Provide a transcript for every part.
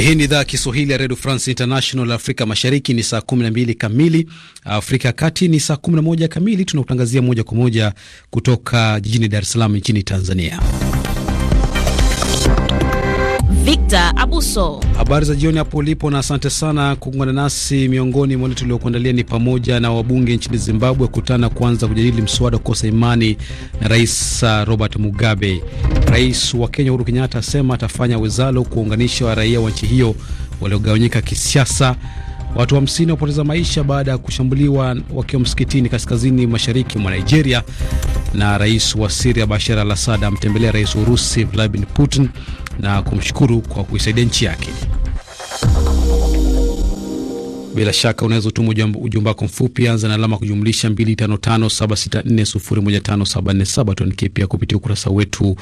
Eh, hii ni idhaa ya Kiswahili ya redio France International. Afrika mashariki ni saa 12 kamili, Afrika ya kati ni saa 11 kamili. Tunakutangazia moja kwa moja kutoka jijini Dar es Salaam nchini Tanzania. Victor Abuso. Habari za jioni hapo ulipo, na asante sana kuungana nasi. Miongoni mwa wale tuliokuandalia ni pamoja na wabunge nchini Zimbabwe kutana kuanza kujadili mswada kukosa imani na Rais uh, Robert Mugabe. Rais wa Kenya Uhuru Kenyatta asema atafanya wezalo kuwaunganisha wa raia wa nchi hiyo waliogawanyika kisiasa. Watu hamsini wapoteza maisha baada ya kushambuliwa wakiwa msikitini kaskazini mashariki mwa Nigeria. Na rais wa Siria Bashar al Assad amtembelea rais wa Urusi Vladimir Putin na kumshukuru kwa kuisaidia nchi yake. Bila shaka unaweza utuma ujumbe wako mfupi, anza na alama kujumlisha 255764015747. Tuandikie pia kupitia ukurasa wetu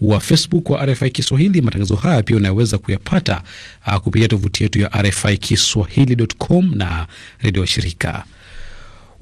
wa Facebook wa RFI Kiswahili. Matangazo haya pia unaweza kuyapata ah, kupitia tovuti yetu ya RFI Kiswahili.com na redio washirika.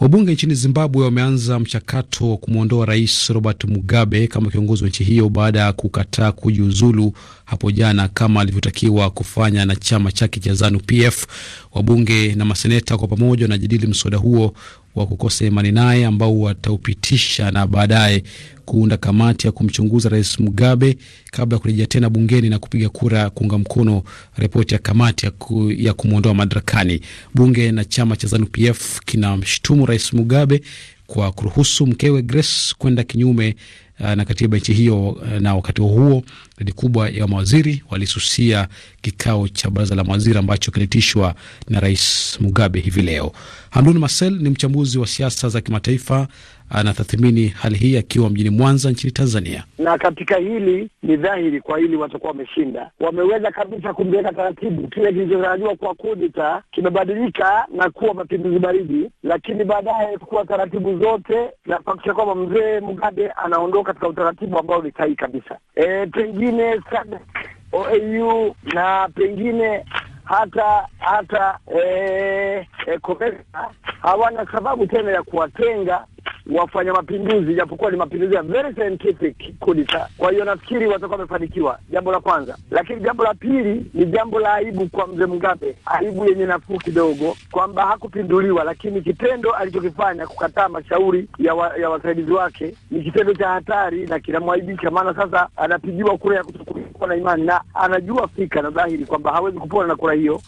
Wabunge nchini Zimbabwe wameanza mchakato wa kumwondoa rais Robert Mugabe kama kiongozi wa nchi hiyo baada ya kukataa kujiuzulu hapo jana kama alivyotakiwa kufanya na chama chake cha Zanu PF. Wabunge na maseneta kwa pamoja wanajadili mswada huo wa kukosa imani naye ambao wataupitisha na baadaye kuunda kamati ya kumchunguza Rais Mugabe kabla ya kurejea tena bungeni na kupiga kura kuunga mkono ripoti ya kamati ya, ku, ya kumwondoa madarakani. Bunge na chama cha ZANUPF kinamshutumu Rais Mugabe kwa kuruhusu mkewe Grace kwenda kinyume uh, na katiba nchi hiyo, uh, na wakati huo idadi kubwa ya mawaziri walisusia kikao cha baraza la mawaziri ambacho kilitishwa na Rais Mugabe hivi leo. Hamdun Marcel ni mchambuzi wa siasa za kimataifa anatathmini hali hii akiwa mjini Mwanza nchini Tanzania. Na katika hili ni dhahiri, kwa hili watakuwa wameshinda, wameweza kabisa kumweka taratibu. Kile kilichotarajiwa kwa kudita kimebadilika na kuwa mapinduzi baridi, lakini baadaye kuwa taratibu zote na kuhakikisha kwamba mzee Mugabe anaondoka katika utaratibu ambao ni sahihi kabisa. E, pengine SADC OAU na pengine hata hata e, e, hawana sababu tena ya kuwatenga wafanya mapinduzi, japokuwa ni mapinduzi ya very scientific kudita. Kwa hiyo nafikiri watakuwa wamefanikiwa, jambo la kwanza. Lakini jambo la pili ni jambo la aibu kwa mzee Mugabe, aibu yenye nafuu kidogo, kwamba hakupinduliwa, lakini kitendo alichokifanya kukataa mashauri ya, wa, ya wasaidizi wake ni kitendo cha hatari na kinamwaibisha, maana sasa anapigiwa kura ya kutokuwa na imani na anajua fika na dhahiri kwamba hawezi kupona na kura hiyo.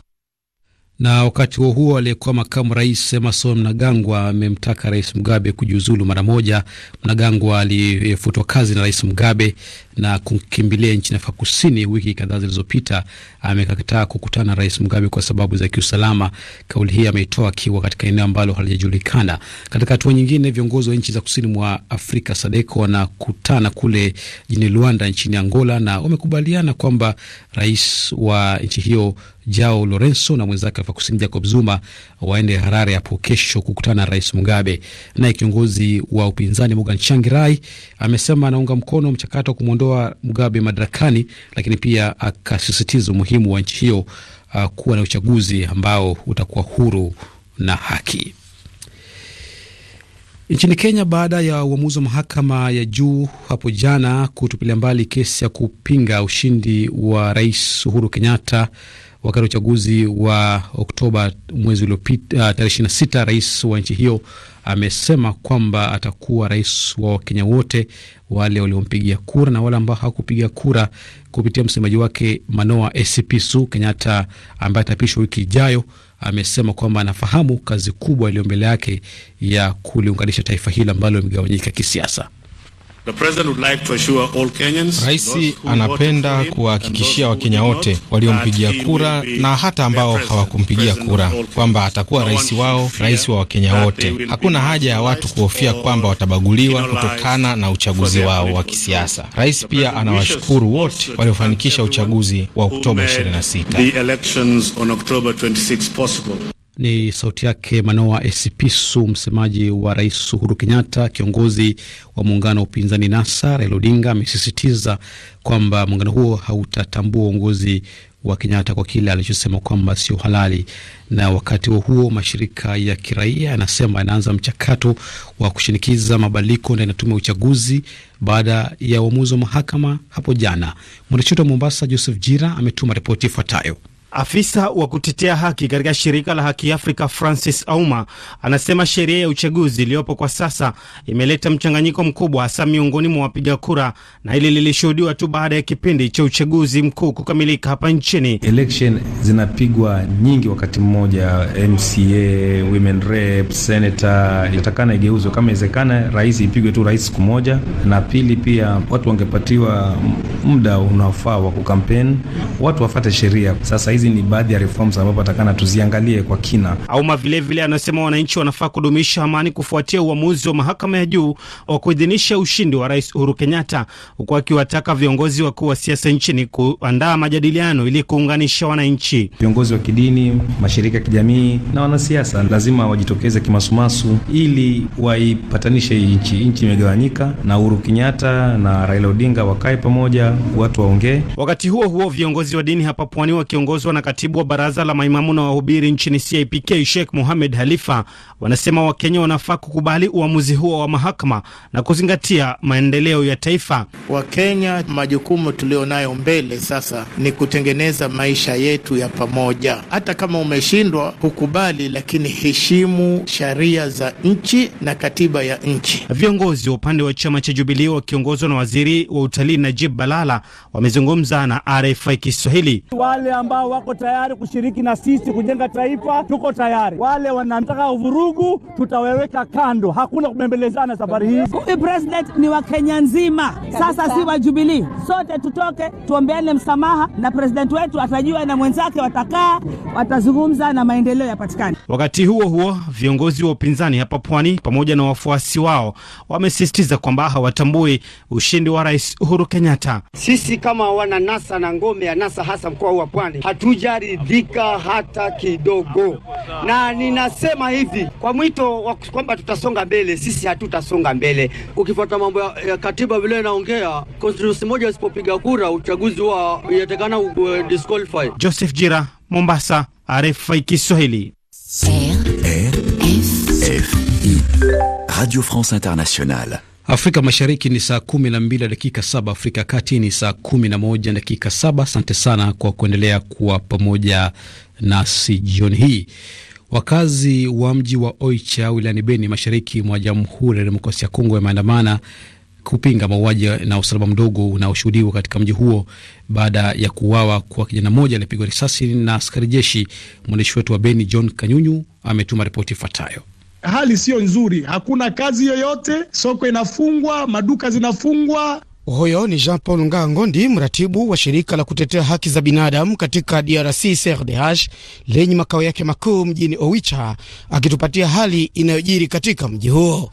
Na wakati huo huo, aliyekuwa makamu rais Emerson Mnangagwa amemtaka Rais Mugabe kujiuzulu mara moja. Mnangagwa aliyefutwa kazi na Rais Mugabe na kukimbilia nchini Afrika Kusini wiki kadhaa zilizopita, amekataa kukutana na Rais Mugabe kwa sababu za kiusalama. Kauli hii ameitoa akiwa katika eneo ambalo halijajulikana. Katika hatua nyingine, viongozi wa nchi za kusini mwa Afrika SADEKO wanakutana kule jijini Luanda nchini Angola na wamekubaliana kwamba rais wa nchi hiyo Jao Lorenso na mwenzake Afrika Kusini Jacob Zuma waende Harare hapo kesho kukutana na Rais Mugabe. Naye kiongozi wa upinzani Morgan Changirai amesema anaunga mkono mchakato wa kumwondoa Mugabe madarakani, lakini pia akasisitiza umuhimu wa nchi hiyo uh, kuwa na uchaguzi ambao utakuwa huru na haki. Nchini Kenya, baada ya uamuzi wa mahakama ya juu hapo jana kutupilia mbali kesi ya kupinga ushindi wa Rais Uhuru Kenyatta Wakati wa uchaguzi wa Oktoba mwezi uliopita, uh, tarehe ishirini na sita, rais wa nchi hiyo amesema kwamba atakuwa rais wa Wakenya wote, wale waliompigia kura na wale ambao hawakupiga kura. Kupitia msemaji wake Manoa Esipisu, Kenyatta ambaye atapishwa wiki ijayo, amesema kwamba anafahamu kazi kubwa iliyo mbele yake ya kuliunganisha taifa hili ambalo limegawanyika kisiasa. Rais anapenda kuwahakikishia Wakenya wote waliompigia kura na hata ambao hawakumpigia kura kwamba atakuwa rais wao, rais wa Wakenya wote. Hakuna haja ya watu kuhofia kwamba watabaguliwa kutokana na uchaguzi wao wa kisiasa. Rais pia anawashukuru wote waliofanikisha uchaguzi wa Oktoba 26. Ni sauti yake Manoa Esipisu, msemaji wa Rais Uhuru Kenyatta. Kiongozi wa muungano wa upinzani NASA Raila Odinga amesisitiza kwamba muungano huo hautatambua uongozi wa Kenyatta kwa kile alichosema kwamba sio halali. Na wakati huo huo, mashirika ya kiraia yanasema yanaanza mchakato wa kushinikiza mabadiliko ndani ya tume ya uchaguzi baada ya uamuzi wa mahakama hapo jana. wetu wa Mombasa Joseph Jira ametuma ripoti ifuatayo. Afisa wa kutetea haki katika shirika la Haki Afrika Francis Auma anasema sheria ya uchaguzi iliyopo kwa sasa imeleta mchanganyiko mkubwa hasa miongoni mwa wapiga kura, na hili lilishuhudiwa tu baada ya kipindi cha uchaguzi mkuu kukamilika hapa nchini. Election zinapigwa nyingi wakati mmoja, MCA, women rep, senator, Inatakana igeuzwe kama iwezekana, rais ipigwe tu rais siku moja. Na pili, pia watu wangepatiwa muda unaofaa wa kukampeni, watu wafate sheria sasa hizi ni baadhi ya reforms ambazo patakana tuziangalie kwa kina. Auma vilevile anasema wananchi wanafaa kudumisha amani kufuatia uamuzi wa mahakama ya juu wa kuidhinisha ushindi wa Rais Uhuru Kenyatta, huku akiwataka viongozi wakuu wa siasa nchini kuandaa majadiliano ili kuunganisha wananchi. Viongozi wa kidini, mashirika ya kijamii na wanasiasa lazima wajitokeze kimasumasu ili waipatanishe nchi. Nchi imegawanyika, na Uhuru Kenyatta na Raila Odinga wakae pamoja, watu waongee. Wakati huo huo, viongozi wa dini hapa pwani wakiongozwa yaliyoletwa na katibu wa baraza la maimamu na wahubiri nchini CIPK Sheikh Mohamed Halifa wanasema Wakenya wanafaa kukubali uamuzi huo wa mahakama na kuzingatia maendeleo ya taifa. Wakenya, majukumu tuliyonayo mbele sasa ni kutengeneza maisha yetu ya pamoja. Hata kama umeshindwa kukubali, lakini heshimu sheria za nchi na katiba ya nchi. Viongozi wa upande wa chama cha Jubilee wakiongozwa na waziri wa utalii Najib Balala wamezungumza na RFI Kiswahili. Wale ambao wako tayari kushiriki na sisi kujenga taifa, tuko tayari. Wale wanataka uvurugu tutaweweka kando, hakuna kubembelezana safari hii. Huyu president ni wa Kenya nzima, sasa si wa Jubilii. Sote tutoke tuombeane msamaha, na president wetu atajua na mwenzake watakaa, watazungumza na maendeleo yapatikane. Wakati huo huo, viongozi wa upinzani hapa pwani pamoja na wafuasi wao wamesisitiza kwamba hawatambui ushindi wa Rais Uhuru Kenyatta. Sisi kama wana NASA na ngome ya NASA hasa mkoa wa Pwani hatu hatujaridhika hata kidogo, na ninasema hivi kwa mwito wa kwamba tutasonga mbele, sisi hatutasonga mbele. Ukifuata mambo ya, ya katiba vile inaongea constituency moja asipopiga kura uchaguzi wa yatekana eh, disqualify. Joseph Jira, Mombasa, RFI Kiswahili. RFI Radio France Internationale. Afrika Mashariki ni saa kumi na mbili dakika saba. Afrika ya Kati ni saa kumi na moja dakika saba. Asante sana kwa kuendelea kuwa pamoja nasi jioni hii. Wakazi wa mji wa Oicha wilayani Beni, mashariki mwa Jamhuri ya Demokrasia ya Kongo wameandamana kupinga mauaji na usalama mdogo unaoshuhudiwa katika mji huo baada ya kuuawa kwa kijana mmoja aliyepigwa risasi na askari jeshi. Mwandishi wetu wa Beni John Kanyunyu ametuma ripoti ifuatayo hali siyo nzuri, hakuna kazi yoyote, soko inafungwa, maduka zinafungwa. Huyo ni Jean Paul Ngango, ndi mratibu wa shirika la kutetea haki za binadamu katika DRC CRDH lenye makao yake makuu mjini Owicha, akitupatia hali inayojiri katika mji huo.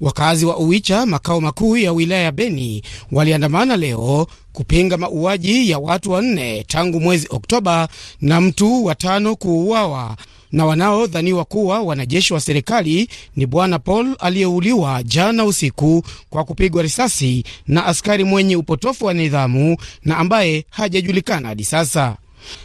Wakazi wa Owicha, makao makuu ya wilaya ya Beni, waliandamana leo kupinga mauaji ya watu wanne tangu mwezi Oktoba na mtu watano kuuawa na wanaodhaniwa kuwa wanajeshi wa serikali ni bwana Paul aliyeuliwa jana usiku kwa kupigwa risasi na askari mwenye upotofu wa nidhamu na ambaye hajajulikana hadi sasa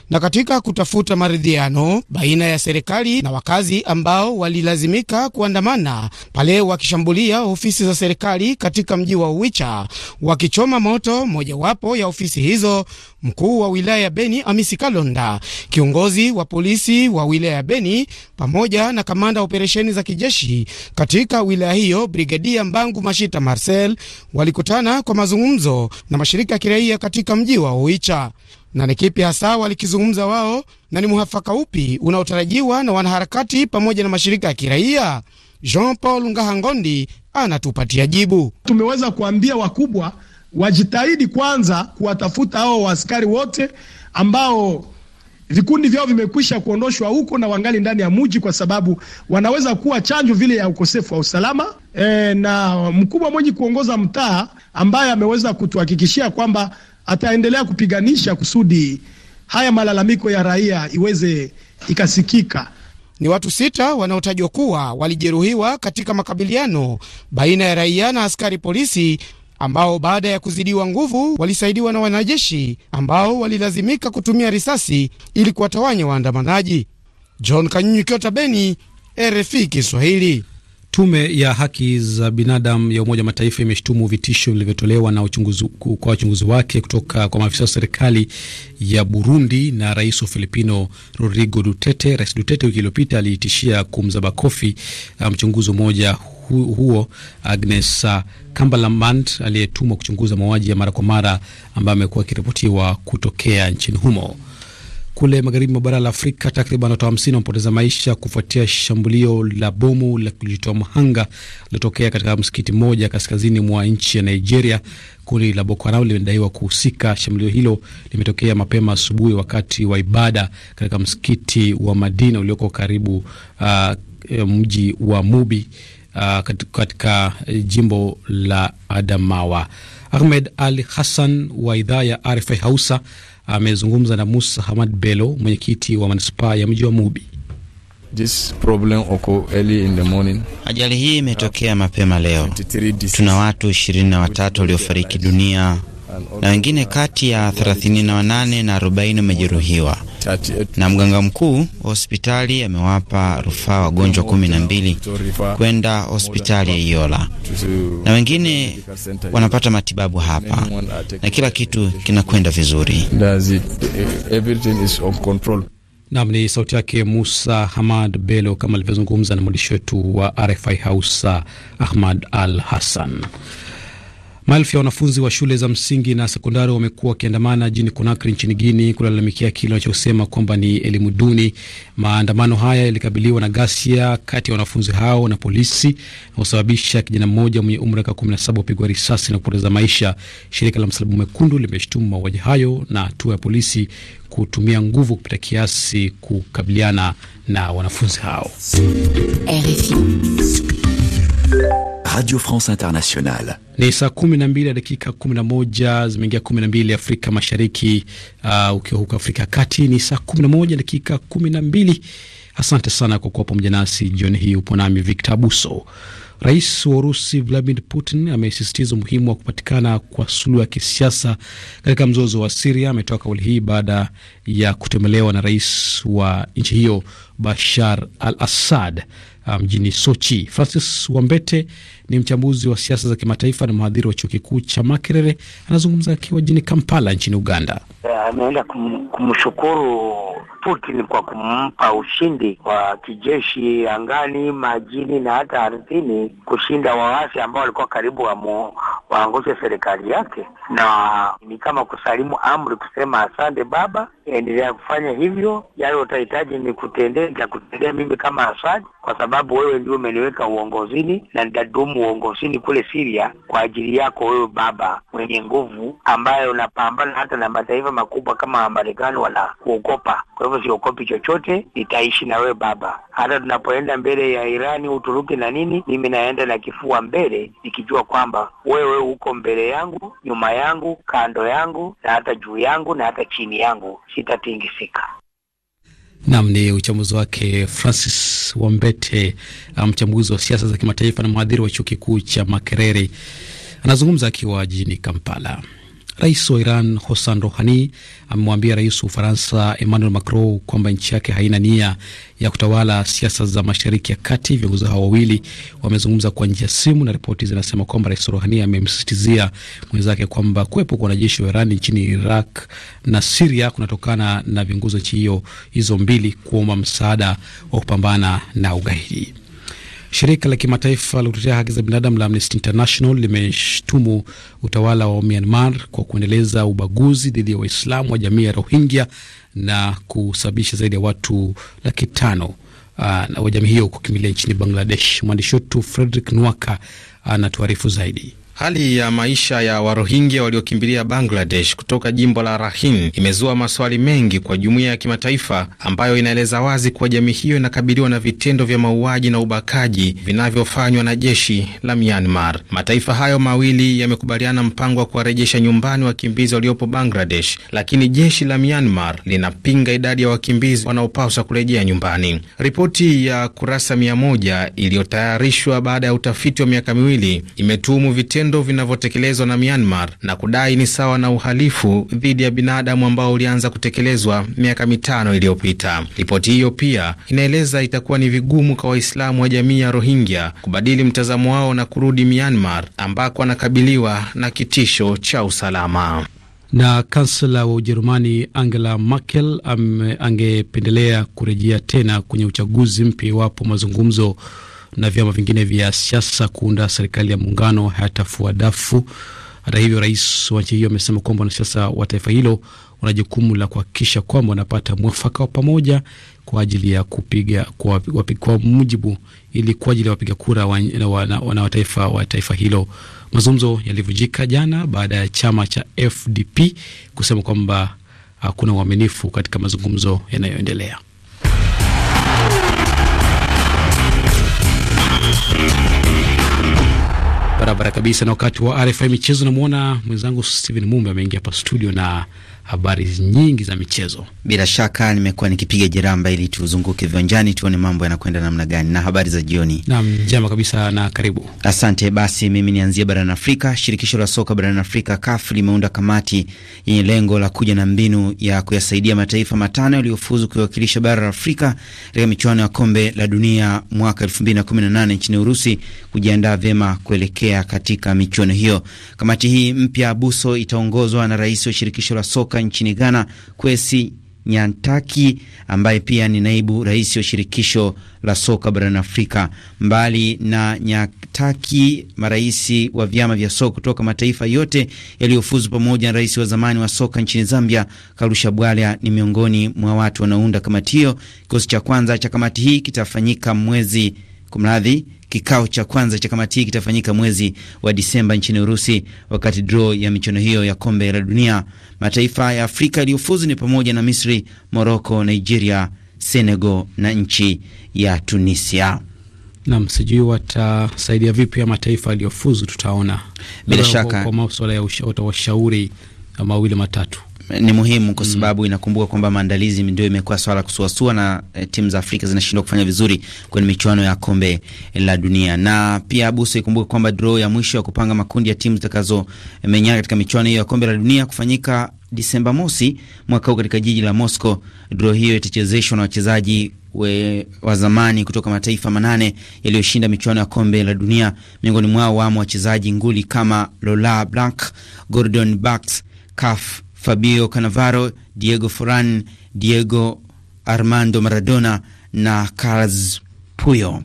na katika kutafuta maridhiano baina ya serikali na wakazi ambao walilazimika kuandamana pale wakishambulia ofisi za serikali katika mji wa Uwicha, wakichoma moto mojawapo ya ofisi hizo. Mkuu wa wilaya ya Beni Amisi Kalonda, kiongozi wa polisi wa wilaya ya Beni pamoja na kamanda operesheni za kijeshi katika wilaya hiyo Brigedia Mbangu Mashita Marcel walikutana kwa mazungumzo na mashirika ya kiraia katika mji wa Uwicha na ni kipi hasa walikizungumza wao na ni muhafaka upi unaotarajiwa na wanaharakati pamoja na mashirika ya kiraia? Jean Paul Ngahangondi anatupatia jibu. Tumeweza kuambia wakubwa wajitahidi kwanza kuwatafuta hao waaskari wote ambao vikundi vyao vimekwisha kuondoshwa huko na wangali ndani ya muji, kwa sababu wanaweza kuwa chanjo vile ya ukosefu wa usalama. E, na mkubwa mwenye kuongoza mtaa ambaye ameweza kutuhakikishia kwamba ataendelea kupiganisha kusudi haya malalamiko ya raia iweze ikasikika. Ni watu sita wanaotajwa kuwa walijeruhiwa katika makabiliano baina ya raia na askari polisi ambao baada ya kuzidiwa nguvu walisaidiwa na wanajeshi ambao walilazimika kutumia risasi ili kuwatawanya waandamanaji. John Kanyunyu, Kyota, Beni, RFI Kiswahili. Tume ya haki za binadamu ya Umoja wa Mataifa imeshtumu vitisho vilivyotolewa na uchunguzi, kwa wachunguzi wake kutoka kwa maafisa wa serikali ya Burundi na rais wa Filipino Rodrigo Duterte. Rais Duterte wiki iliyopita aliitishia kumzaba kofi uh, mchunguzi um, mmoja hu, huo Agnes uh, Kambalamand aliyetumwa kuchunguza mauaji ya mara kwa mara ambayo amekuwa akiripotiwa kutokea nchini humo. Kule magharibi mwa bara la Afrika, takriban watu hamsini wamepoteza maisha kufuatia shambulio la bomu la kujitoa mhanga lilotokea katika msikiti mmoja kaskazini mwa nchi ya Nigeria. Kundi la Boko Haram limedaiwa kuhusika. Shambulio hilo limetokea mapema asubuhi wakati wa ibada katika msikiti wa Madina ulioko karibu uh, mji wa Mubi uh, katika jimbo la Adamawa. Ahmed Ali Hassan wa idhaa ya RFI Hausa amezungumza na Musa Hamad Bello, mwenyekiti wa manispaa ya mji wa Mubi. This problem occur early in the morning. Ajali hii imetokea mapema leo. Tuna watu ishirini na watatu waliofariki dunia na wengine kati ya 38 na 40 wamejeruhiwa, na mganga mkuu wa hospitali amewapa rufaa wagonjwa 12 kwenda hospitali ya Iola, na wengine wanapata matibabu hapa, na kila kitu kinakwenda vizuri. Eh, Nam ni sauti yake Musa Hamad belo kama alivyozungumza na mwandishi wetu wa RFI Hausa Ahmad Al Hassan. Maelfu ya wanafunzi wa shule za msingi na sekondari wamekuwa wakiandamana jijini Konakri nchini Guini kulalamikia kile wanachosema kwamba ni elimu duni. Maandamano haya yalikabiliwa na ghasia kati ya wanafunzi hao na polisi na kusababisha kijana mmoja mwenye umri wa na 17 kupigwa risasi na kupoteza maisha. Shirika la Msalaba Mwekundu limeshutumu mauaji hayo na hatua ya polisi kutumia nguvu kupita kiasi kukabiliana na wanafunzi hao. RFI. Radio France Internationale. Ni saa kumi na mbili na dakika kumi na moja zimeingia kumi na mbili Afrika Mashariki. Uh, ukiwa huko Afrika ya Kati ni saa kumi na moja dakika kumi na mbili. Asante sana kwa kuwa pamoja nasi jioni hii. Upo nami Victor Buso. Rais wa Urusi Vladimir Putin amesisitiza umuhimu wa kupatikana kwa suluhu ya kisiasa katika mzozo wa Siria. Ametoa kauli hii baada ya kutembelewa na rais wa nchi hiyo Bashar al Assad. Uh, mjini um, Sochi. Francis Wambete ni mchambuzi wa siasa za kimataifa na mhadhiri wa chuo kikuu cha Makerere. Anazungumza akiwa jini Kampala nchini Uganda. Eh, ameenda kum, kumshukuru Putin kwa kumpa ushindi wa kijeshi angani, majini na hata ardhini, kushinda waasi ambao walikuwa karibu wamu, waangushe serikali yake, na ni kama kusalimu amri, kusema asante baba, endelea kufanya hivyo, yale utahitaji ni kutendea, nitakutendea mimi kama Asad, kwa sababu wewe ndio umeniweka uongozini na nitadumu uongozini kule siria kwa ajili yako wewe baba mwenye nguvu, ambaye unapambana hata na mataifa makubwa kama Marekani kuogopa. Kwa hivyo siogopi chochote, nitaishi na wewe baba. Hata tunapoenda mbele ya Irani, Uturuki na nini, mimi naenda na kifua mbele, nikijua kwamba wewe uko mbele yangu, nyuma yangu, kando yangu, na hata juu yangu, na hata chini yangu, sitatingisika. Nam ni uchambuzi wake Francis Wambete, um, mchambuzi wa siasa za kimataifa na mhadhiri wa chuo kikuu cha Makerere, anazungumza akiwa jijini Kampala. Rais wa Iran Hossan Rohani amemwambia rais wa Ufaransa Emmanuel Macron kwamba nchi yake haina nia ya kutawala siasa za mashariki ya kati. Viongozi hao wawili wamezungumza kwa njia ya simu, na ripoti zinasema kwamba rais Rohani amemsisitizia mwenzake kwamba kuwepo kwa wanajeshi wa Iran nchini Iraq na Siria kunatokana na viongozi wa nchi hiyo hizo mbili kuomba msaada wa kupambana na ugaidi. Shirika la kimataifa la kutetea haki za binadamu la Amnesty International limeshtumu utawala wa Myanmar kwa kuendeleza ubaguzi dhidi ya Waislamu wa jamii ya Rohingya na kusababisha zaidi ya watu laki tano ah, wa jamii hiyo kukimbilia nchini Bangladesh. Mwandishi wetu Fredrick Nwaka anatuarifu zaidi. Hali ya maisha ya Warohingya waliokimbilia Bangladesh kutoka jimbo la Rakhine imezua maswali mengi kwa jumuiya ya kimataifa ambayo inaeleza wazi kuwa jamii hiyo inakabiliwa na vitendo vya mauaji na ubakaji vinavyofanywa na jeshi la Myanmar. Mataifa hayo mawili yamekubaliana mpango wa kuwarejesha nyumbani wakimbizi waliopo Bangladesh, lakini jeshi la Myanmar linapinga idadi ya wakimbizi wanaopaswa kurejea nyumbani. Ripoti ya kurasa mia moja iliyotayarishwa baada ya utafiti wa miaka miwili imetuhumu vitendo vitendo vinavyotekelezwa na Myanmar na kudai ni sawa na uhalifu dhidi ya binadamu ambao ulianza kutekelezwa miaka mitano iliyopita. Ripoti hiyo pia inaeleza itakuwa ni vigumu kwa Waislamu wa jamii ya Rohingya kubadili mtazamo wao na kurudi Myanmar ambako wanakabiliwa na kitisho cha usalama. Na kansela wa Ujerumani Angela Merkel angependelea kurejea tena kwenye uchaguzi mpya iwapo mazungumzo na vyama vingine vya siasa kuunda serikali ya muungano hayatafua dafu. Hata hivyo, rais wa nchi hiyo amesema kwamba wanasiasa wa taifa hilo wana jukumu la kuhakikisha kwamba wanapata mwafaka wa pamoja kwa ajili ya kupiga kwa, kwa mujibu ili kwa ajili ya wapiga kura wana, wataifa taifa wa taifa hilo. Mazungumzo yalivunjika jana baada ya chama cha FDP kusema kwamba hakuna uaminifu katika mazungumzo yanayoendelea. Barabara kabisa na wakati wa RFI michezo, namwona mwenzangu Steven Mumbe ameingia hapa studio na habari nyingi za michezo. Bila shaka nimekuwa nikipiga jeramba ili tuzunguke viwanjani tuone mambo yanakwenda namna gani na habari za jioni. Naam, jema kabisa na karibu. Asante. Basi mimi nianzie barani Afrika. Shirikisho la soka barani Afrika CAF limeunda kamati yenye lengo la kuja na mbinu ya kuyasaidia mataifa matano yaliyofuzu kuiwakilisha bara la Afrika katika michuano ya kombe la dunia mwaka 2018 nchini Urusi kujiandaa vyema kuelekea katika michuano hiyo. Kamati hii mpya buso itaongozwa na rais wa shirikisho la soka nchini Ghana, Kwesi Nyantaki ambaye pia ni naibu rais wa shirikisho la soka barani Afrika. Mbali na Nyantaki, marais wa vyama vya soka kutoka mataifa yote yaliyofuzu pamoja na rais wa zamani wa soka nchini Zambia, Kalusha Bwalya ni miongoni mwa watu wanaounda kamati hiyo. Kikosi cha kwanza cha kamati hii kitafanyika mwezi kumradhi Kikao cha kwanza cha kamati hii kitafanyika mwezi wa Disemba nchini Urusi, wakati draw ya michuano hiyo ya kombe la dunia. Mataifa ya Afrika yaliyofuzu ni pamoja na Misri, Moroko, Nigeria, Senegal na nchi ya Tunisia. Nam, sijui watasaidia vipi ya mataifa yaliyofuzu, tutaona bila shaka kwa masuala ya washauri uh, mawili matatu ni muhimu kwa mm. sababu mm. inakumbuka kwamba maandalizi ndio imekuwa swala kusuasua na e, timu za Afrika zinashindwa kufanya vizuri kwenye michuano ya kombe la dunia. Na pia Abuso, ikumbuke kwamba draw ya mwisho ya kupanga makundi ya timu zitakazomenyana eh, katika michuano hiyo ya kombe la dunia kufanyika Disemba mosi mwaka huu katika jiji la Moscow. Draw hiyo itachezeshwa na wachezaji we, wa zamani kutoka mataifa manane yaliyoshinda michuano ya kombe la dunia. Miongoni mwao wamo wachezaji nguli kama Lola Blanc, Gordon Bax, Kaf Fabio Cannavaro, Diego Foran, Diego Armando Maradona na Carles Puyo.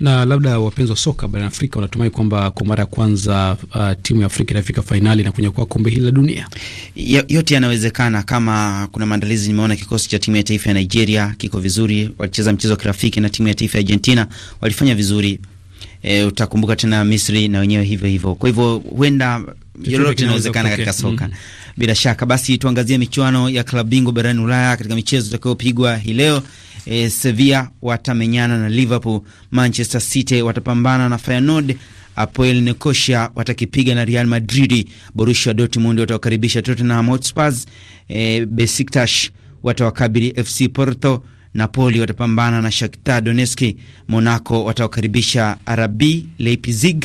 Na labda wapenzi wa soka barani Afrika wanatumai kwamba kwa mara ya kwanza uh, timu ya Afrika inafika fainali na kunyakua kombe hili la dunia. Yote yanawezekana kama kuna maandalizi. Nimeona kikosi cha timu ya taifa ya Nigeria kiko vizuri, walicheza mchezo wa kirafiki na timu ya taifa ya Argentina, walifanya vizuri. E, utakumbuka tena Misri na wenyewe hivyo hivyo. Kwa hivyo huenda yoyote inawezekana katika soka mm bila shaka. Basi tuangazie michuano ya klabu bingwa barani Ulaya katika michezo itakayopigwa hii leo. E, Sevilla watamenyana na Liverpool, Manchester City watapambana na Feyenoord, Apoel Nicosia watakipiga na Real Madrid, Borussia Dortmund watawakaribisha Tottenham Hotspur, e, Besiktas watawakabili FC Porto, Napoli watapambana na Shakhtar Donetsk, Monaco watawakaribisha RB Leipzig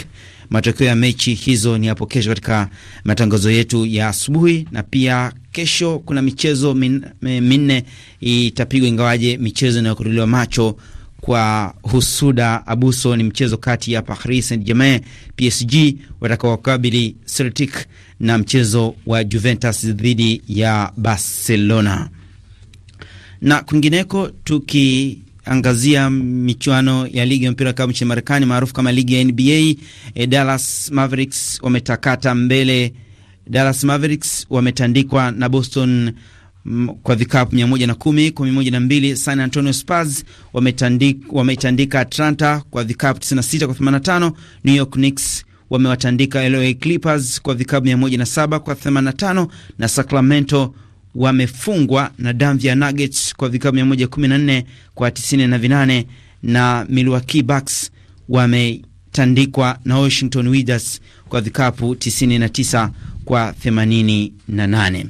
Matokeo ya mechi hizo ni hapo kesho katika matangazo yetu ya asubuhi, na pia kesho kuna michezo min, minne itapigwa, ingawaje michezo inayokodolewa macho kwa Husuda Abuso ni mchezo kati ya Paris Saint-Germain PSG watakaokabili Celtic na mchezo wa Juventus dhidi ya Barcelona. Na kwingineko tuki angazia michuano ya ligi ya mpira wa kikapu nchini Marekani maarufu kama ligi ya NBA. E, eh, Dallas Mavericks wametakata mbele. Dallas Mavericks wametandikwa na Boston m, mm, kwa vikapu 110 kwa 102. San Antonio Spurs wametandika wametandika Atlanta kwa vikapu 96 kwa 85. New York Knicks wamewatandika LA Clippers kwa vikapu 107 kwa 85 na Sacramento wamefungwa na Denver Nuggets kwa vikao 114 kwa 98 na Milwaukee Bucks wametandikwa na Washington Wizards kwa vikapu 99 kwa 88.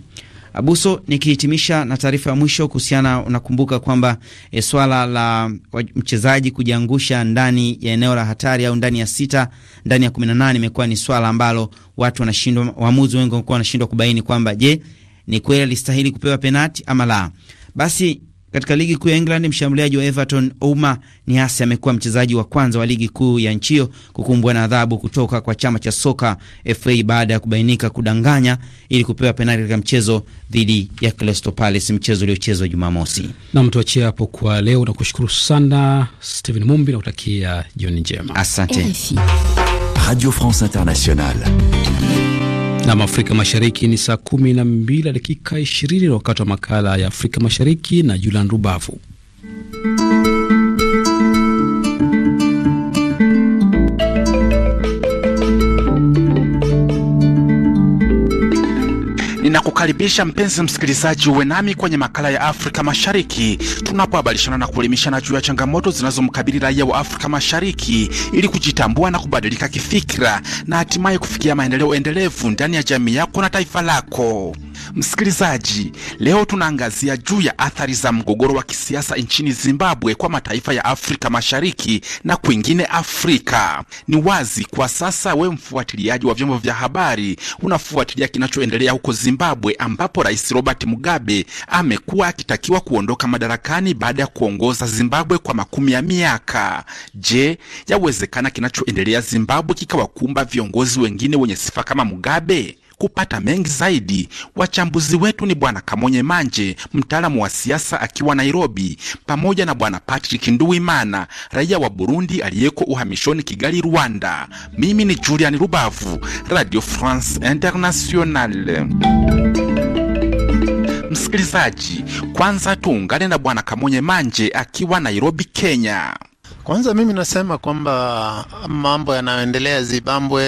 Abuso, nikihitimisha na taarifa ya mwisho kuhusiana, unakumbuka kwamba e, swala la mchezaji kujiangusha ndani ya eneo la hatari au ndani ya sita, ndani ya 18 imekuwa ni swala ambalo watu wanashindwa, waamuzi wengi wanakuwa wanashindwa kubaini kwamba je ni kweli alistahili kupewa penati ama la. Basi katika ligi kuu ya England, mshambuliaji wa Everton Ouma Niasi amekuwa mchezaji wa kwanza wa ligi kuu ya nchi hiyo kukumbwa na adhabu kutoka kwa chama cha soka FA baada ya kubainika kudanganya ili kupewa penalti katika mchezo dhidi ya Crystal Palace, mchezo uliochezwa Jumamosi. Na mtuachie hapo kwa leo, nakushukuru sana Steven Mumbi na kutakia jioni njema, asante. Radio France Internationale Nam Afrika Mashariki ni saa kumi na mbili dakika ishirini na wakati wa makala ya Afrika Mashariki na Julan Rubavu. Ninakukaribisha mpenzi msikilizaji, uwe nami kwenye makala ya Afrika Mashariki tunapohabarishana na kuelimishana juu ya changamoto zinazomkabili raia wa Afrika Mashariki ili kujitambua na kubadilika kifikira na hatimaye kufikia maendeleo endelevu ndani ya jamii yako na taifa lako. Msikilizaji, leo tunaangazia juu ya athari za mgogoro wa kisiasa nchini Zimbabwe kwa mataifa ya Afrika Mashariki na kwingine Afrika. Ni wazi kwa sasa, we mfuatiliaji wa vyombo vya habari unafuatilia kinachoendelea huko Zimbabwe, ambapo Rais Robert Mugabe amekuwa akitakiwa kuondoka madarakani baada ya kuongoza Zimbabwe kwa makumi ya miaka. Je, yawezekana kinachoendelea Zimbabwe kikawakumba viongozi wengine wenye sifa kama Mugabe? Kupata mengi zaidi, wachambuzi wetu ni Bwana Kamonye Manje, mtaalamu wa siasa akiwa Nairobi, pamoja na Bwana Patrick Nduwimana, raia wa Burundi aliyeko uhamishoni Kigali, Rwanda. Mimi ni Julian Rubavu, Radio France Internationale. Msikilizaji, kwanza tuungane na Bwana Kamonye Manje akiwa Nairobi, Kenya. Kwanza mimi nasema kwamba mambo yanayoendelea Zimbabwe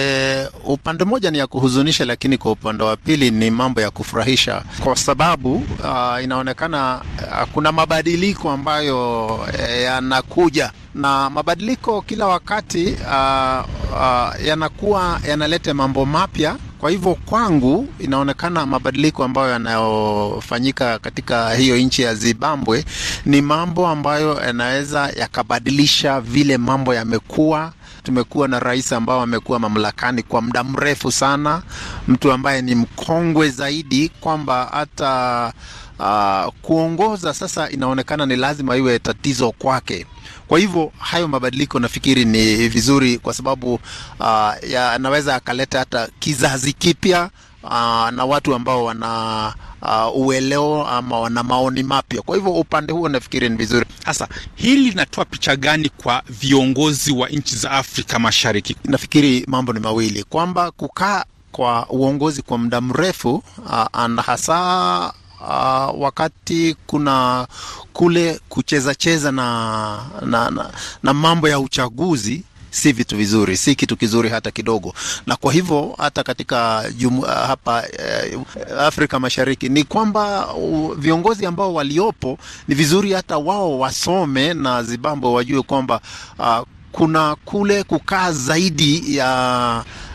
upande mmoja ni ya kuhuzunisha, lakini kwa upande wa pili ni mambo ya kufurahisha, kwa sababu uh, inaonekana uh, kuna mabadiliko ambayo uh, yanakuja na mabadiliko kila wakati uh, uh, yanakuwa yanaleta mambo mapya kwa hivyo kwangu inaonekana mabadiliko ambayo yanayofanyika katika hiyo nchi ya Zimbabwe ni mambo ambayo yanaweza yakabadilisha vile mambo yamekuwa. Tumekuwa na rais ambao amekuwa mamlakani kwa muda mrefu sana, mtu ambaye ni mkongwe zaidi kwamba hata uh, kuongoza sasa inaonekana ni lazima iwe tatizo kwake. Kwa hivyo hayo mabadiliko nafikiri ni vizuri, kwa sababu uh, ah, yanaweza akaleta hata kizazi kipya uh, na watu ambao wana uh, uelewa ama wana maoni mapya. Kwa hivyo upande huo nafikiri ni vizuri. Sasa hili linatoa picha gani kwa viongozi wa nchi za Afrika Mashariki? Nafikiri mambo ni mawili, kwamba kukaa kwa uongozi kwa muda mrefu uh, na hasa uh, wakati kuna kule kucheza cheza na, na, na, na mambo ya uchaguzi si vitu vizuri, si kitu kizuri hata kidogo. Na kwa hivyo hata katika jumu, ah, hapa eh, Afrika Mashariki ni kwamba uh, viongozi ambao waliopo ni vizuri hata wao wasome na Zimbabwe wajue kwamba uh, kuna kule kukaa zaidi ya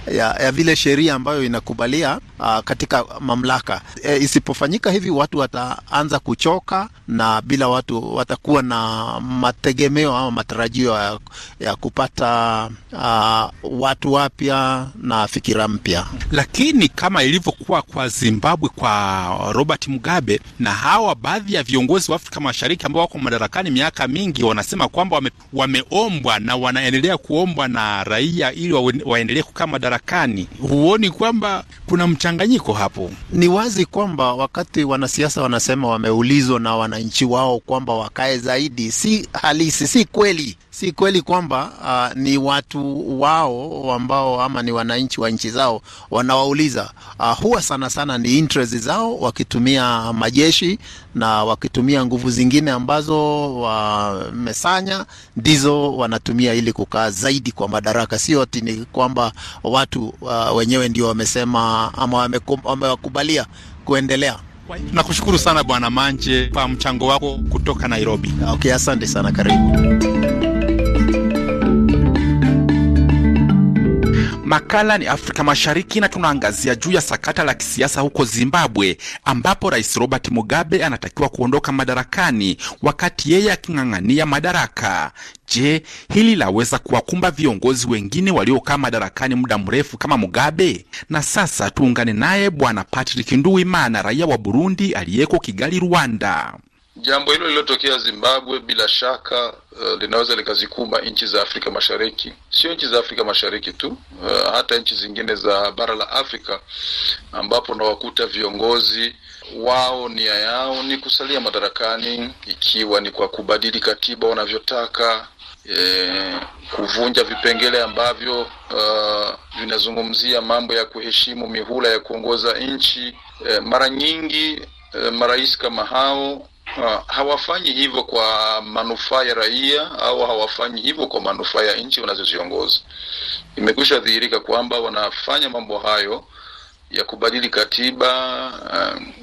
ya, ya vile sheria ambayo inakubalia uh, katika mamlaka e, isipofanyika hivi watu wataanza kuchoka na bila watu watakuwa na mategemeo ama matarajio ya, ya kupata uh, watu wapya na fikira mpya. Lakini kama ilivyokuwa kwa Zimbabwe kwa Robert Mugabe na hawa baadhi ya viongozi wa Afrika Mashariki ambao wako madarakani miaka mingi, wanasema kwamba wame, wameombwa na wanaendelea kuombwa na raia ili waendelee kukaa madarakani, huoni kwamba kuna mchanganyiko hapo? Ni wazi kwamba wakati wanasiasa wanasema wameulizwa na wananchi wao kwamba wakae zaidi, si halisi, si kweli si kweli kwamba uh, ni watu wao ambao ama ni wananchi wa nchi zao wanawauliza. Uh, huwa sana sana ni interest zao wakitumia majeshi na wakitumia nguvu zingine ambazo wamesanya ndizo wanatumia ili kukaa zaidi kwa madaraka. Sio ati ni kwamba watu uh, wenyewe ndio wamesema ama wamewakubalia kuendelea. Nakushukuru sana Bwana Manje kwa mchango wako kutoka Nairobi. Okay, asante sana, karibu. Makala ni Afrika Mashariki na tunaangazia juu ya sakata la kisiasa huko Zimbabwe ambapo Rais Robert Mugabe anatakiwa kuondoka madarakani wakati yeye aking'ang'ania madaraka. Je, hili laweza kuwakumba viongozi wengine waliokaa madarakani muda mrefu kama Mugabe? Na sasa tuungane naye Bwana Patrick Nduwimana, raia wa Burundi aliyeko Kigali, Rwanda. Jambo hilo lililotokea Zimbabwe bila shaka uh, linaweza likazikumba nchi za Afrika Mashariki, sio nchi za Afrika Mashariki tu uh, hata nchi zingine za bara la Afrika, ambapo unawakuta viongozi wao nia yao ni kusalia madarakani, ikiwa ni kwa kubadili katiba wanavyotaka, e, kuvunja vipengele ambavyo uh, vinazungumzia mambo ya kuheshimu mihula ya kuongoza nchi. E, mara nyingi marais kama hao Uh, hawafanyi hivyo kwa manufaa ya raia au hawafanyi hivyo kwa manufaa ya nchi wanazoziongoza. Imekwisha dhihirika kwamba wanafanya mambo hayo ya kubadili katiba,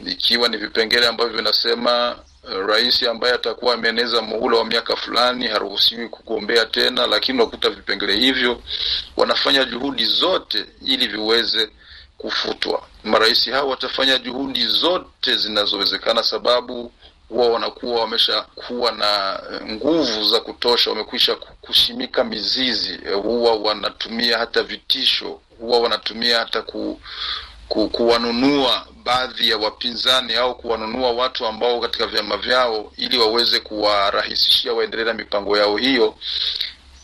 uh, ikiwa ni vipengele ambavyo vinasema uh, rais ambaye atakuwa ameeneza muhula wa miaka fulani haruhusiwi kugombea tena, lakini wakuta vipengele hivyo wanafanya juhudi zote ili viweze kufutwa. Marais hao watafanya juhudi zote zinazowezekana sababu huwa wanakuwa wameshakuwa na eh, nguvu za kutosha, wamekwisha kushimika mizizi, eh, huwa wanatumia hata vitisho, huwa wanatumia hata ku, ku, kuwanunua baadhi ya wapinzani au kuwanunua watu ambao katika vyama vyao ili waweze kuwarahisishia waendelee na mipango yao hiyo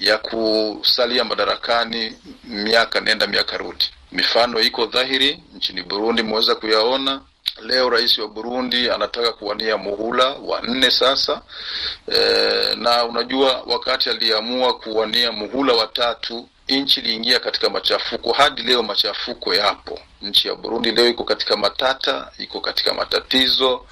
ya kusalia madarakani miaka nenda miaka rudi. Mifano iko dhahiri nchini Burundi, mmeweza kuyaona Leo rais wa Burundi anataka kuwania muhula wa nne sasa e, na unajua wakati aliamua kuwania muhula wa tatu nchi iliingia katika machafuko. Hadi leo machafuko yapo. Nchi ya Burundi leo iko katika matata, iko katika matatizo.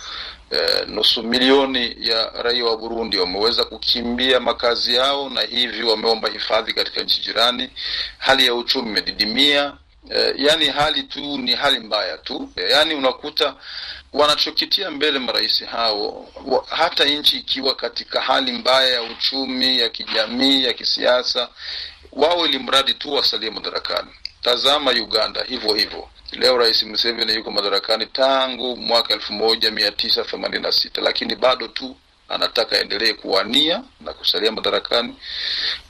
E, nusu milioni ya raia wa Burundi wameweza kukimbia makazi yao na hivi wameomba hifadhi katika nchi jirani. Hali ya uchumi imedidimia. E, yani hali tu ni hali mbaya tu e, yani unakuta wanachokitia mbele marais hao wa, hata nchi ikiwa katika hali mbaya ya uchumi, ya kijamii, ya kisiasa, wao ili mradi tu wasalie madarakani. Tazama Uganda hivyo hivyo. Leo Rais Museveni yuko madarakani tangu mwaka elfu moja mia tisa themanini na sita lakini bado tu anataka aendelee kuwania na kusalia madarakani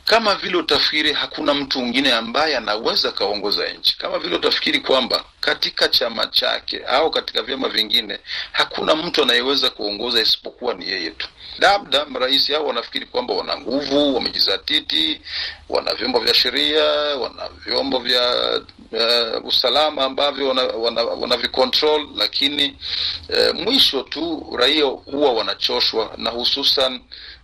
kama vile utafikiri hakuna mtu mwingine ambaye anaweza akaongoza nchi, kama vile utafikiri kwamba katika chama chake au katika vyama vingine hakuna mtu anayeweza kuongoza isipokuwa ni yeye tu. Labda marais hao wanafikiri kwamba wana nguvu, wamejizatiti, wana vyombo vya sheria, wana vyombo vya uh, usalama ambavyo wanavicontrol wana, wana lakini uh, mwisho tu raia huwa wanachoshwa na hususan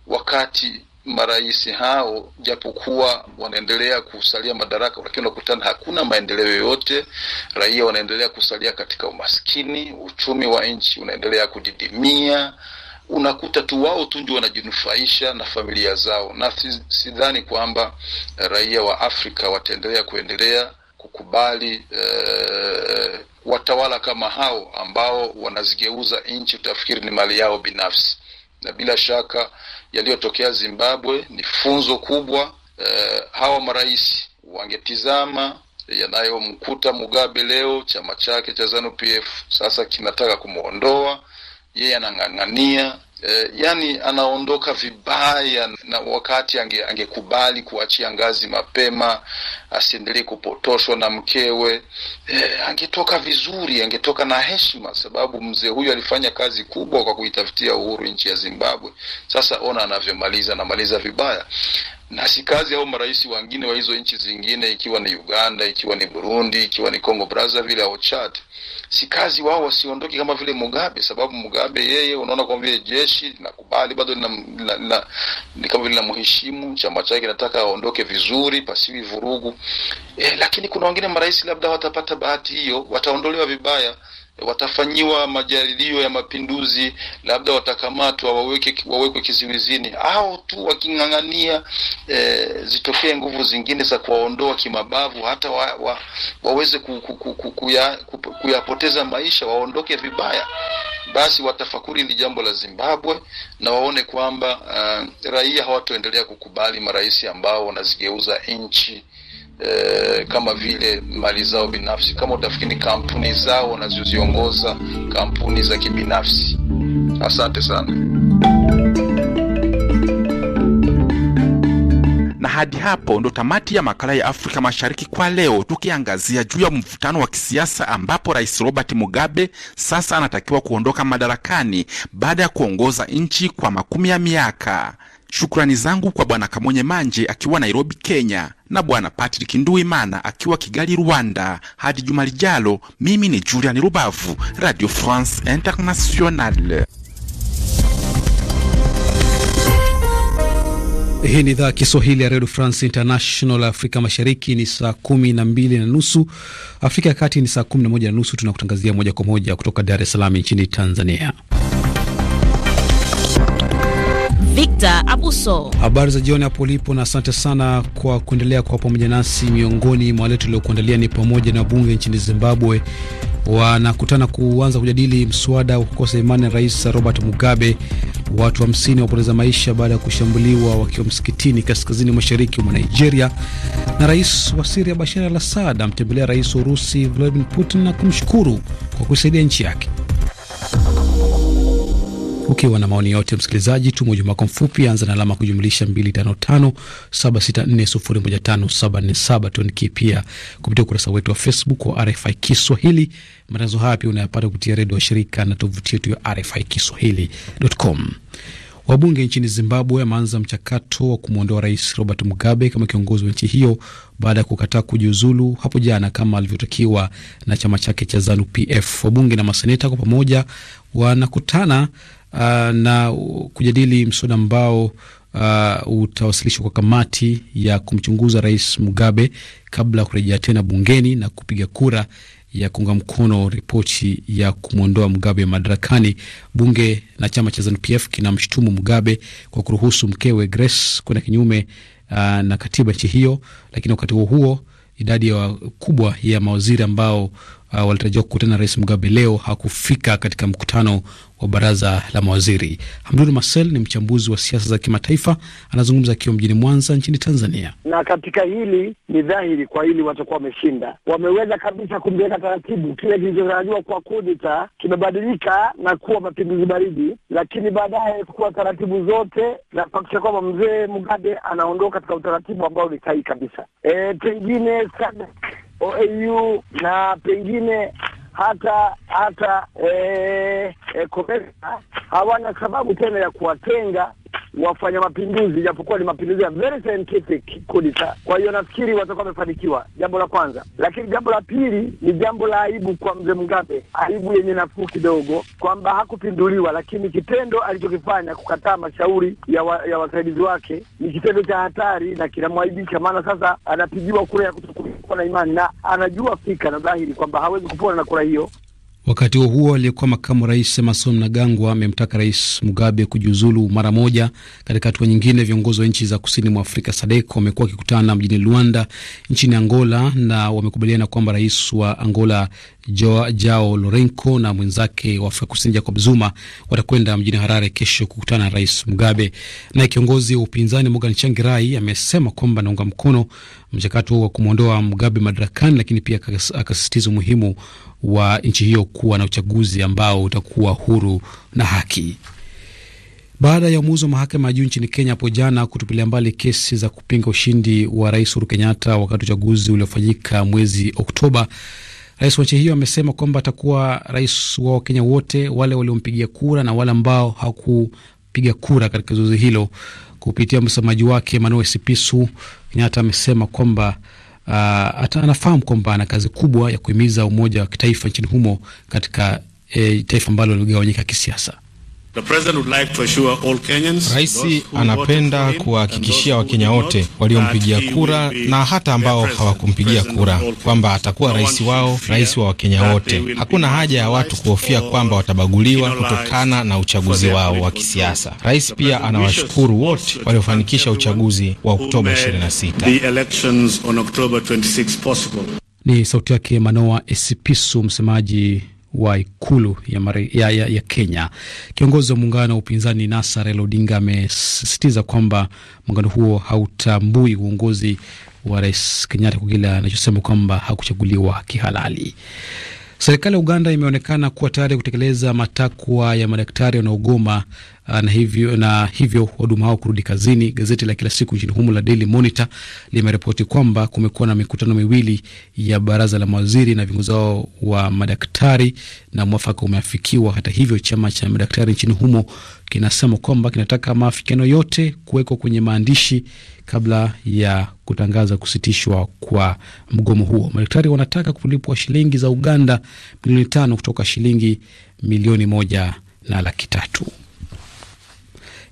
wakati marais hao japokuwa wanaendelea kusalia madaraka, lakini unakutana hakuna maendeleo yoyote. Raia wanaendelea kusalia katika umaskini, uchumi wa nchi unaendelea kudidimia. Unakuta tu wao tu ndio wanajinufaisha na familia zao, na sidhani kwamba eh, raia wa Afrika wataendelea kuendelea kukubali eh, watawala kama hao ambao wanazigeuza nchi utafikiri ni mali yao binafsi, na bila shaka yaliyotokea Zimbabwe ni funzo kubwa. Eh, hawa marais wangetizama yanayomkuta Mugabe leo, chama chake cha Zanu PF sasa kinataka kumwondoa yeye, anang'ang'ania E, yani anaondoka vibaya, na wakati ange, angekubali kuachia ngazi mapema, asiendelee kupotoshwa na mkewe e, angetoka vizuri, angetoka na heshima, sababu mzee huyu alifanya kazi kubwa kwa kuitafutia uhuru nchi ya Zimbabwe. Sasa ona anavyomaliza, anamaliza vibaya na kazi au marais wengine wa hizo nchi zingine, ikiwa ni Uganda, ikiwa ni Burundi, ikiwa ni Congo Brazzaville au Chad, si kazi wao wasiondoke kama vile Mugabe, sababu Mugabe yeye unaona kwa vile jeshi linakubali bado lina kama vile linamheshimu, chama chake nataka aondoke vizuri, pasiwi vurugu. E, lakini kuna wengine marais labda watapata bahati hiyo, wataondolewa vibaya watafanyiwa majaribio ya mapinduzi, labda watakamatwa, waweke wawekwe kiziwizini, au tu waking'ang'ania e, zitokee nguvu zingine za kuwaondoa kimabavu, hata wa, wa, waweze ku, ku, ku, ku, kuya, ku, kuyapoteza maisha, waondoke vibaya, basi watafakuri ni jambo la Zimbabwe na waone kwamba uh, raia hawatoendelea kukubali marais ambao wanazigeuza nchi e, kama vile mali zao binafsi. Kama utafikiri kampuni zao wanazoziongoza kampuni za kibinafsi. Asante sana. Na hadi hapo ndo tamati ya makala ya Afrika Mashariki kwa leo, tukiangazia juu ya mvutano wa kisiasa ambapo Rais Robert Mugabe sasa anatakiwa kuondoka madarakani baada ya kuongoza nchi kwa makumi ya miaka. Shukrani zangu kwa Bwana Kamonye Manje akiwa Nairobi, Kenya, na Bwana Patrick Nduimana akiwa Kigali, Rwanda. Hadi juma lijalo, mimi ni Julian Rubavu, Radio France Internationale. Hii ni idhaa ya Kiswahili ya redio France International. Afrika mashariki ni saa kumi na mbili na nusu, Afrika ya kati ni saa kumi na moja na nusu. Tunakutangazia moja kwa moja kutoka Dar es Salaam nchini Tanzania. Victor Abuso. Habari za jioni hapo ulipo, na asante sana kwa kuendelea kwa pamoja nasi. Miongoni mwa wale tuliokuandalia ni pamoja na bunge nchini Zimbabwe wanakutana kuanza kujadili mswada wa kukosa imani na Rais Robert Mugabe. Watu hamsini wa wapoteza maisha baada ya kushambuliwa wakiwa msikitini kaskazini mashariki mwa Nigeria. Na rais wa Siria Bashar al Assad amtembelea rais wa Urusi Vladimir Putin na kumshukuru kwa kuisaidia nchi yake. Ukiwa na maoni yote, msikilizaji, tuma ujumbe wako mfupi, anza na alama kujumlisha 255764015747. Tuandikie pia kupitia ukurasa wetu wa Facebook wa RFI Kiswahili. Matangazo haya pia unayapata kupitia redio wa shirika na tovuti yetu ya RFI Kiswahili.com. Wabunge nchini Zimbabwe wameanza mchakato wa kumwondoa Rais Robert Mugabe kama kiongozi wa nchi hiyo baada ya kukataa kujiuzulu hapo jana kama alivyotakiwa na chama chake cha ZANU PF. Wabunge na maseneta kwa pamoja wanakutana uh, na kujadili mswada ambao uh, utawasilishwa kwa kamati ya kumchunguza Rais Mugabe kabla ya kurejea tena bungeni na kupiga kura ya kuunga mkono ripoti ya kumwondoa Mugabe madarakani. Bunge na chama cha ZANUPF kinamshutumu Mugabe kwa kuruhusu mkewe Grace kwenda kinyume uh, na katiba nchi hiyo, lakini wakati huo huo idadi ya kubwa ya mawaziri ambao uh, walitarajiwa kukutana Rais Mugabe leo hakufika katika mkutano wa baraza la mawaziri. Hamdun Marcel ni mchambuzi wa siasa za kimataifa, anazungumza akiwa mjini Mwanza nchini Tanzania. Na katika hili ni dhahiri kwa hili watakuwa wameshinda, wameweza kabisa kumweka taratibu kile kilichotarajiwa kwa kudita kimebadilika na kuwa mapinduzi baridi, lakini baadaye kuwa taratibu zote na kuhakikisha kwamba mzee Mugabe anaondoka katika utaratibu ambao ni sahihi kabisa. E, pengine OAU na pengine hata hata e, e, hawana sababu tena ya kuwatenga wafanya mapinduzi, japokuwa ni mapinduzi ya very scientific kudita. Kwa hiyo nafikiri watakuwa wamefanikiwa, jambo la kwanza. Lakini jambo la pili ni jambo la aibu kwa mzee Mugabe, aibu yenye nafuu kidogo, kwamba hakupinduliwa, lakini kitendo alichokifanya kukataa mashauri ya, wa, ya wasaidizi wake ni kitendo cha hatari na kinamwaibisha, maana sasa anapigiwa kura ya kutokuwa na imani na anajua fika na dhahiri kwamba hawezi kupona na kura hiyo. Wakati huo huo, aliyekuwa makamu rais Emmerson Mnangagwa amemtaka Rais Mugabe kujiuzulu mara moja. Katika hatua nyingine, viongozi wa nchi za kusini mwa Afrika SADC wamekuwa wakikutana mjini Luanda nchini Angola na wamekubaliana kwamba rais wa Angola jao lorenko na mwenzake wa Afrika Kusini Jacob Zuma watakwenda mjini Harare kesho kukutana na Rais Mugabe. Naye kiongozi wa upinzani Morgan Changirai amesema kwamba anaunga mkono mchakato wa kumwondoa Mugabe madarakani, lakini pia akasisitiza umuhimu wa nchi hiyo kuwa na uchaguzi ambao utakuwa huru na haki. Baada ya uamuzi wa mahakama ya juu nchini Kenya hapo jana kutupilia mbali kesi za kupinga ushindi wa rais Uhuru Kenyatta wakati uchaguzi uliofanyika mwezi Oktoba, Rais wa nchi hiyo amesema kwamba atakuwa rais wa Wakenya wote, wale waliompigia kura na wale ambao hawakupiga kura katika zoezi hilo. Kupitia msemaji wake Manoe Sipisu, Kenyatta amesema kwamba uh, anafahamu kwamba ana kazi kubwa ya kuhimiza umoja wa kitaifa nchini humo katika eh, taifa ambalo liligawanyika kisiasa. Rais anapenda kuwahakikishia Wakenya wote waliompigia kura na hata ambao hawakumpigia kura kwamba atakuwa rais wao, rais wa Wakenya wote. Hakuna haja ya watu kuhofia kwamba watabaguliwa kutokana na uchaguzi wao wa kisiasa. Rais pia anawashukuru wote waliofanikisha uchaguzi wa Oktoba 26. Ni sauti yake Manoa Esipisu, msemaji wa ikulu ya, mare, ya, ya, ya Kenya. Kiongozi wa muungano wa upinzani Nasar Odinga amesisitiza kwamba muungano huo hautambui uongozi wa Rais Kenyatta kwa kile anachosema kwamba hakuchaguliwa kihalali. Serikali ya Uganda imeonekana kuwa tayari kutekeleza matakwa ya madaktari wanaogoma Ah, na hivyo, na hivyo waduma hao kurudi kazini. Gazeti la kila siku nchini humo la Daily Monitor limeripoti kwamba kumekuwa na mikutano miwili ya baraza la mawaziri na viongozi wao wa madaktari na mwafaka umeafikiwa. Hata hivyo, chama cha madaktari nchini humo kinasema kwamba kinataka maafikiano yote kuwekwa kwenye maandishi kabla ya kutangaza kusitishwa kwa mgomo huo. Madaktari wanataka kulipwa shilingi za Uganda milioni tano kutoka shilingi milioni moja na laki tatu.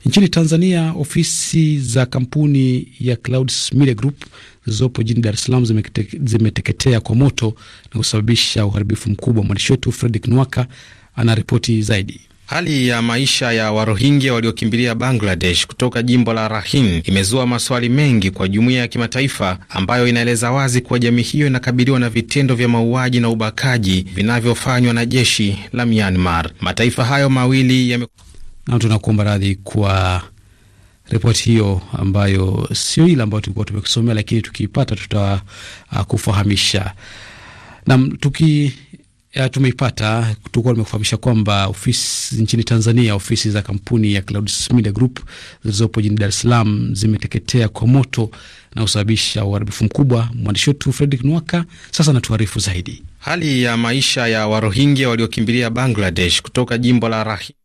Nchini Tanzania, ofisi za kampuni ya Clouds Media Group zilizopo jijini Dar es Salaam zimeteketea kwa moto na kusababisha uharibifu mkubwa. Mwandishi wetu Fredrick Nwaka anaripoti zaidi. Hali ya maisha ya Warohingya waliokimbilia Bangladesh kutoka jimbo la Rakhine imezua maswali mengi kwa jumuiya ya kimataifa ambayo inaeleza wazi kuwa jamii hiyo inakabiliwa na vitendo vya mauaji na ubakaji vinavyofanywa na jeshi la Myanmar. Mataifa hayo mawili yame na tunakuomba radhi kwa ripoti hiyo ambayo sio ile ambayo tulikuwa tumekusomea, lakini tukiipata tutakufahamisha. Nam tuki eh, tumeipata tulikuwa tumekufahamisha kwamba ofisi nchini Tanzania, ofisi za kampuni ya Clouds Media Group zilizopo jijini Dar es Salaam zimeteketea kwa moto na kusababisha uharibifu mkubwa. Mwandishi wetu Fredrik Nwaka sasa anatuarifu zaidi. Hali ya maisha ya Warohingya waliokimbilia Bangladesh kutoka jimbo la Rakhine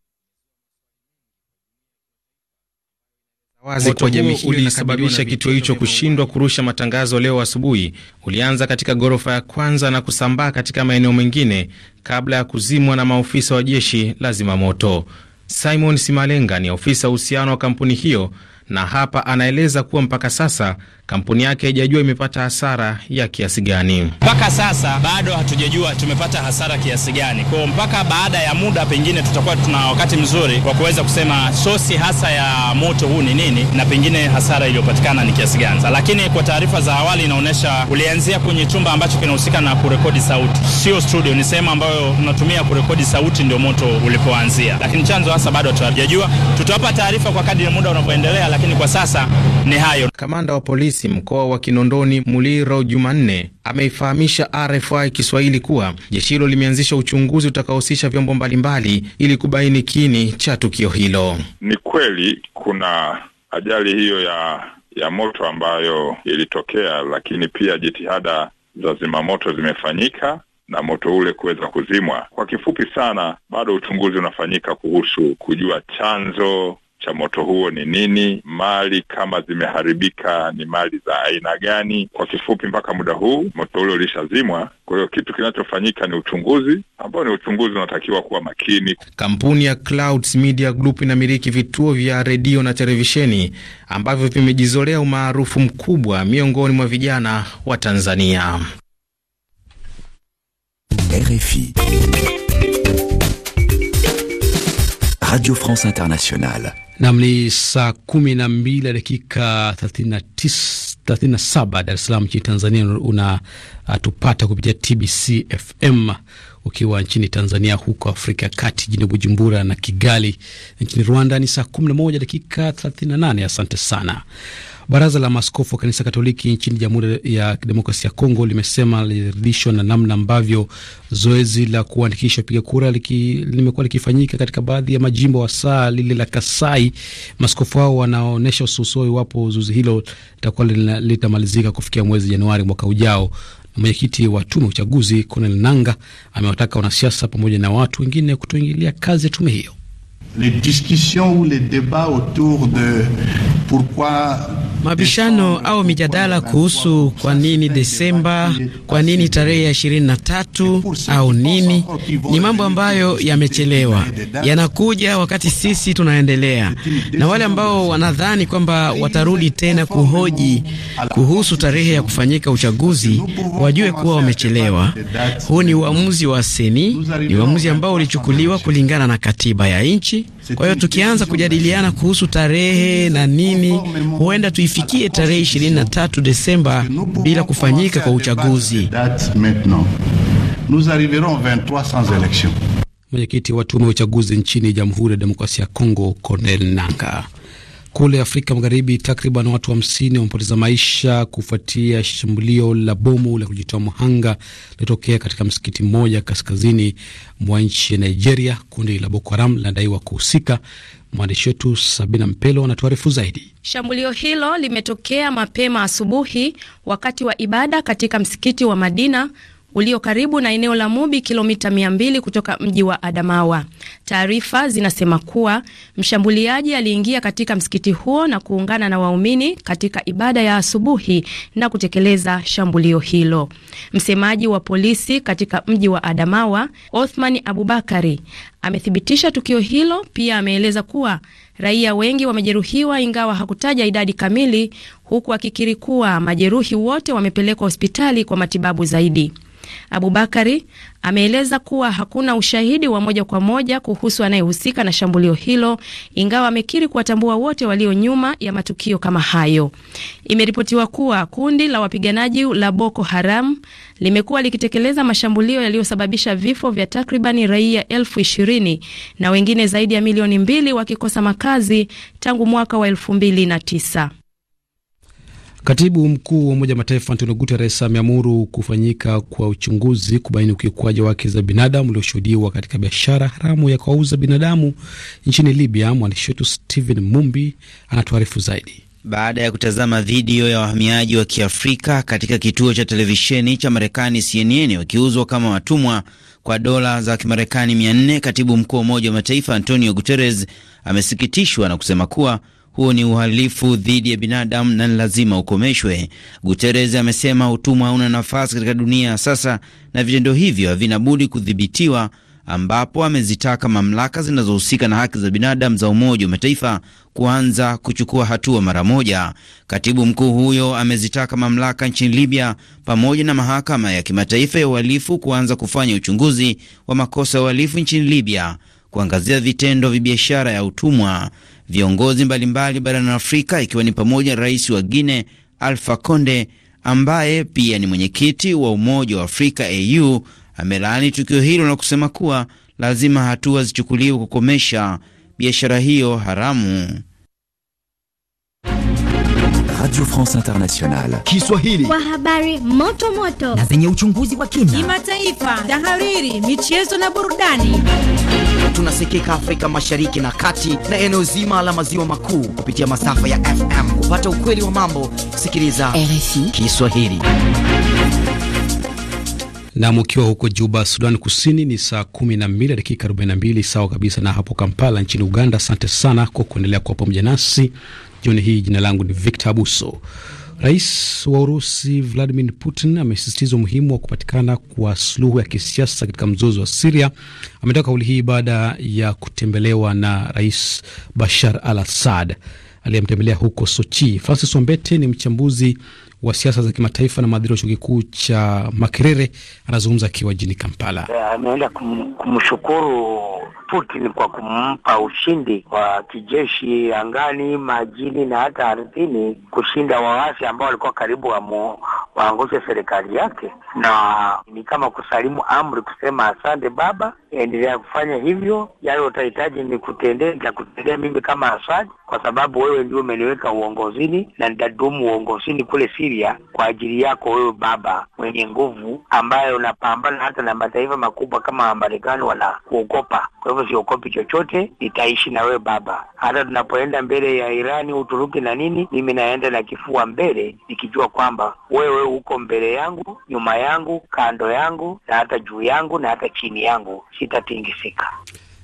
Moto kwa ulisababisha kituo hicho kushindwa kurusha matangazo leo asubuhi. Ulianza katika ghorofa ya kwanza na kusambaa katika maeneo mengine kabla ya kuzimwa na maofisa wa jeshi la zimamoto. Simon Simalenga ni ofisa uhusiano wa kampuni hiyo na hapa anaeleza kuwa mpaka sasa kampuni yake haijajua imepata hasara ya kiasi gani. Mpaka sasa bado hatujajua tumepata hasara kiasi gani, kwa mpaka baada ya muda pengine tutakuwa tuna wakati mzuri wa kuweza kusema sosi hasa ya moto huu ni nini na pengine hasara iliyopatikana ni kiasi gani. Lakini kwa taarifa za awali inaonyesha ulianzia kwenye chumba ambacho kinahusika na kurekodi sauti, sio studio, ni sehemu ambayo tunatumia kurekodi sauti, ndio moto ulipoanzia, lakini chanzo hasa bado hatujajua. Tutawapa taarifa kwa kadri muda unavyoendelea lakini kwa sasa ni hayo. Kamanda wa polisi mkoa wa Kinondoni Muliro Jumanne ameifahamisha RFI Kiswahili kuwa jeshi hilo limeanzisha uchunguzi utakaohusisha vyombo mbalimbali ili kubaini kini cha tukio hilo. Ni kweli kuna ajali hiyo ya ya moto ambayo ilitokea, lakini pia jitihada za zimamoto zimefanyika na moto ule kuweza kuzimwa. Kwa kifupi sana, bado uchunguzi unafanyika kuhusu kujua chanzo cha moto huo ni nini, mali kama zimeharibika ni mali za aina gani. Kwa kifupi, mpaka muda huu moto ule ulishazimwa. Kwa hiyo kitu kinachofanyika ni uchunguzi ambao ni uchunguzi unatakiwa kuwa makini. Kampuni ya Clouds Media Group inamiliki vituo vya redio na televisheni ambavyo vimejizolea umaarufu mkubwa miongoni mwa vijana wa Tanzania. RFI Radio France Internationale. Nam ni saa kumi na mbili ya dakika 37 Dar es Salaam nchini Tanzania. Unatupata uh, kupitia TBC FM ukiwa nchini Tanzania, huko Afrika ya Kati jijini Bujumbura na Kigali nchini Rwanda ni saa kumi na moja dakika nane Asante sana. Baraza la maskofu wa kanisa Katoliki nchini Jamhuri ya Kidemokrasia ya Kongo limesema liliridhishwa na namna ambavyo zoezi la kuandikisha wapiga kura liki, limekuwa likifanyika katika baadhi ya majimbo, wasaa lile la Kasai. Maskofu hao wanaonyesha usuhusuo iwapo zoezi hilo litakuwa litamalizika kufikia mwezi Januari mwaka ujao. Mwenyekiti wa tume ya uchaguzi Konel Nanga amewataka wanasiasa pamoja na watu wengine kutoingilia kazi ya tume hiyo. Mabishano au mijadala kuhusu kwa nini Desemba, kwa nini tarehe ya ishirini na tatu au nini, ni mambo ambayo yamechelewa, yanakuja wakati sisi tunaendelea. Na wale ambao wanadhani kwamba watarudi tena kuhoji kuhusu tarehe ya kufanyika uchaguzi wajue kuwa wamechelewa. Huu ni uamuzi wa seni, ni uamuzi ambao ulichukuliwa kulingana na katiba ya nchi kwa hiyo tukianza kujadiliana kuhusu tarehe na nini, huenda tuifikie tarehe 23 Desemba bila kufanyika kwa uchaguzi. Mwenyekiti wa tume ya uchaguzi nchini Jamhuri ya Demokrasia ya Kongo, Cornel Nanga. Kule Afrika Magharibi, takriban watu hamsini wamepoteza maisha kufuatia shambulio la bomu la kujitoa muhanga lilotokea katika msikiti mmoja kaskazini mwa nchi ya Nigeria. Kundi la Boko Haram linadaiwa kuhusika. Mwandishi wetu Sabina Mpelo anatuarifu zaidi. Shambulio hilo limetokea mapema asubuhi wakati wa ibada katika msikiti wa Madina ulio karibu na eneo la Mubi, kilomita 200 kutoka mji wa Adamawa. Taarifa zinasema kuwa mshambuliaji aliingia katika msikiti huo na kuungana na waumini katika ibada ya asubuhi na kutekeleza shambulio hilo. Msemaji wa polisi katika mji wa Adamawa, Othmani Abubakari, amethibitisha tukio hilo. Pia ameeleza kuwa raia wengi wamejeruhiwa, ingawa hakutaja idadi kamili, huku akikiri kuwa majeruhi wote wamepelekwa hospitali kwa matibabu zaidi. Abubakari ameeleza kuwa hakuna ushahidi wa moja kwa moja kuhusu anayehusika na shambulio hilo, ingawa amekiri kuwatambua wote walio nyuma ya matukio kama hayo. Imeripotiwa kuwa kundi la wapiganaji la Boko Haram limekuwa likitekeleza mashambulio yaliyosababisha vifo vya takribani raia elfu ishirini na wengine zaidi ya milioni mbili wakikosa makazi tangu mwaka wa elfu mbili na tisa. Katibu mkuu wa Umoja Mataifa Antonio Guterres ameamuru kufanyika kwa uchunguzi kubaini ukiukwaji wa haki za binadamu ulioshuhudiwa katika biashara haramu ya kuwauza binadamu nchini Libya. Mwandishi wetu Stephen Mumbi anatuarifu zaidi. Baada ya kutazama video ya wahamiaji wa Kiafrika katika kituo cha televisheni cha Marekani CNN wakiuzwa kama watumwa kwa dola za Kimarekani 400, katibu mkuu wa Umoja wa Mataifa Antonio Guterres amesikitishwa na kusema kuwa huo ni uhalifu dhidi ya binadamu na ni lazima ukomeshwe. Guterres amesema utumwa hauna nafasi katika dunia ya sasa na vitendo hivyo havina budi kudhibitiwa, ambapo amezitaka mamlaka zinazohusika na haki za binadamu za Umoja wa Mataifa kuanza kuchukua hatua mara moja. Katibu mkuu huyo amezitaka mamlaka nchini Libya pamoja na mahakama ya kimataifa ya uhalifu kuanza kufanya uchunguzi wa makosa ya uhalifu nchini Libya, kuangazia vitendo vya biashara ya utumwa viongozi mbalimbali barani Afrika, ikiwa ni pamoja na rais wa Guine alfa Conde ambaye pia ni mwenyekiti wa Umoja wa Afrika AU amelaani tukio hilo na kusema kuwa lazima hatua zichukuliwe kukomesha biashara hiyo haramu. Radio France Internationale. Kiswahili. Kwa habari moto moto na zenye uchunguzi wa kina, kimataifa, tahariri, michezo na burudani. Tunasikika Afrika Mashariki na Kati na eneo zima la maziwa makuu kupitia masafa ya FM. Kupata ukweli wa mambo, sikiliza RFI Kiswahili. Na mkiwa huko Juba, Sudan Kusini ni saa 12 dakika 42, sawa kabisa na hapo Kampala nchini Uganda. Asante sana kwa kuendelea kuwa pamoja nasi. Jioni hii jina langu ni Victor Abuso. Rais wa Urusi Vladimir Putin amesisitiza umuhimu wa kupatikana kwa suluhu ya kisiasa katika mzozo wa Siria. Ametoa kauli hii baada ya kutembelewa na Rais Bashar al Assad aliyemtembelea huko Sochi. Francis Wambete ni mchambuzi wa siasa za kimataifa na mhadhiri wa chuo kikuu cha Makerere, anazungumza akiwa jini Kampala. Eh, ameenda kumshukuru Putin kwa kumpa ushindi wa kijeshi angani, majini na hata ardhini, kushinda waasi ambao walikuwa karibu mu, waangushe serikali yake, na ni kama kusalimu amri, kusema asante baba, endelea kufanya hivyo, yale utahitaji ni kutendea ja kutendea mimi kama Asad, kwa sababu wewe ndio umeniweka uongozini na nitadumu uongozini kule siria kwa ajili yako wewe baba mwenye nguvu, ambayo unapambana hata na mataifa makubwa kama wamarekani wanakuogopa. Kwa hivyo usiokopi chochote, nitaishi na wewe baba. Hata tunapoenda mbele ya Irani, Uturuki na nini, mimi naenda na kifua mbele, nikijua kwamba wewe uko mbele yangu, nyuma yangu, kando yangu, na hata juu yangu, na hata chini yangu, sitatingisika.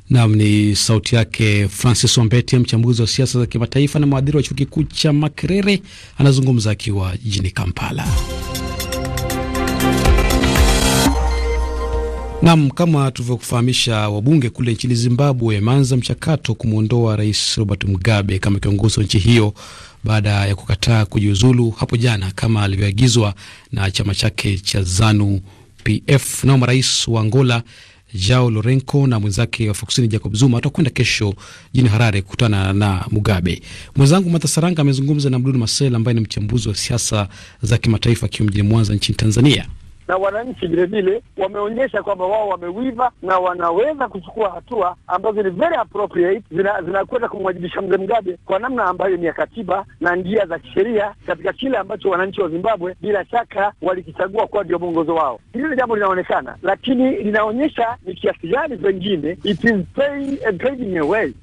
Nam ni sauti yake Francis Ombete, mchambuzi wa siasa za kimataifa na mwadhiri wa chuo kikuu cha Makerere, anazungumza akiwa jijini Kampala. Nam, kama tulivyokufahamisha, wabunge kule nchini Zimbabwe wameanza mchakato kumwondoa Rais Robert Mugabe kama kiongozi wa nchi hiyo baada ya kukataa kujiuzulu hapo jana kama alivyoagizwa na chama chake cha ZANU PF. Nao marais wa Angola jao lorenko na mwenzake wa Afrika Kusini Jacob Zuma watakwenda kesho jini Harare kukutana na Mugabe. Mwenzangu Martha Saranga amezungumza na Mdudu Masel ambaye ni mchambuzi wa siasa za kimataifa akiwa mjini Mwanza nchini Tanzania na wananchi vilevile wameonyesha kwamba wao wamewiva na wanaweza kuchukua hatua ambazo ni very appropriate, zinakwenda zina kumwajibisha mzee Mugabe kwa namna ambayo ni ya katiba na njia za kisheria katika kile ambacho wananchi wa Zimbabwe bila shaka walikichagua kuwa ndio mwongozo wao. Hili jambo linaonekana, lakini linaonyesha ni kiasi gani pengine it is paying eh, paving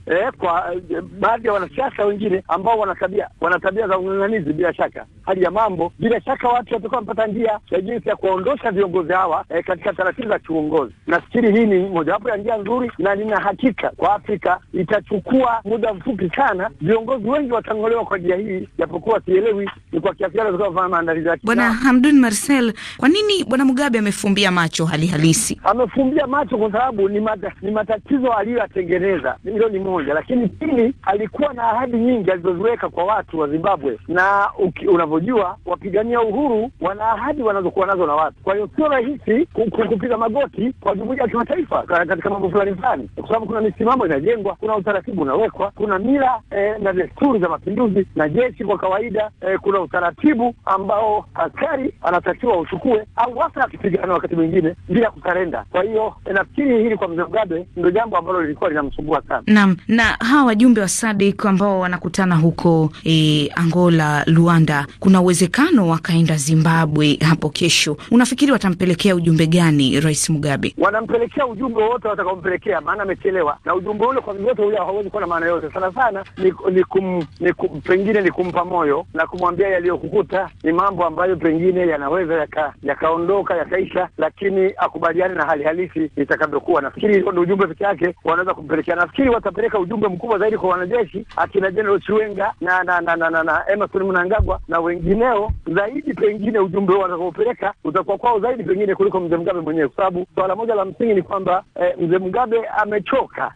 eh, kwa eh, baadhi ya wanasiasa wengine ambao wanatabia wanatabia za ung'ang'anizi. Bila shaka hali ya mambo, bila shaka watu watakuwa wamepata njia ya jinsi ya kuondoa kuwaondosha viongozi hawa eh, katika taratibu za kiuongozi. Nafikiri hii ni mojawapo ya njia nzuri, na nina hakika kwa Afrika itachukua muda mfupi sana, viongozi wengi watang'olewa kwa njia hii, japokuwa sielewi ni kwa kiasi gani kufanya maandalizi yake. Bwana Hamdun Marcel, kwa nini Bwana Mugabe amefumbia macho hali halisi? Amefumbia macho kwa sababu ni, mata, ni matatizo aliyoyatengeneza, hilo ni moja, lakini pili, alikuwa na ahadi nyingi alizoziweka kwa watu wa Zimbabwe, na unavyojua wapigania uhuru wana ahadi wanazokuwa nazo na watu kwa hiyo sio rahisi kupiga magoti kwa jumuiya ya kimataifa katika mambo fulani fulani, kwa sababu kuna misimamo inajengwa, kuna utaratibu unawekwa, kuna mila eh, na desturi za mapinduzi na jeshi kwa kawaida eh, kuna utaratibu ambao askari anatakiwa uchukue, au hasa akipigana wakati mwingine bila kusarenda. Kwa hiyo eh, nafikiri hili kwa mzee Mugabe ndio jambo ambalo lilikuwa linamsumbua sana. Naam, na hawa wajumbe wa SADC ambao wanakutana huko eh, Angola, Luanda, kuna uwezekano wakaenda Zimbabwe hapo kesho. Unafikiri unafikiri watampelekea ujumbe gani Rais Mugabe? Wanampelekea ujumbe wowote watakaompelekea, maana amechelewa, na ujumbe ule kwa vyovyote ule hauwezi kuwa na maana yote. Sana sana ni, ni, kum, ni kum, pengine ni kumpa moyo na kumwambia yaliyokukuta ni mambo ambayo pengine yanaweza yaka, yakaondoka yakaisha, lakini akubaliane na hali halisi itakavyokuwa. Nafikiri ndio ujumbe peke yake wanaweza kumpelekea. Nafikiri watapeleka ujumbe mkubwa zaidi kwa wanajeshi akina General Chiwenga na na na na, na, na Emerson Mnangagwa na wengineo zaidi, pengine ujumbe watakaopeleka utakuwa kwa kwao zaidi pengine kuliko mzee Mugabe mwenyewe, kwa sababu swala moja la msingi ni kwamba eh, mzee Mugabe amechoka,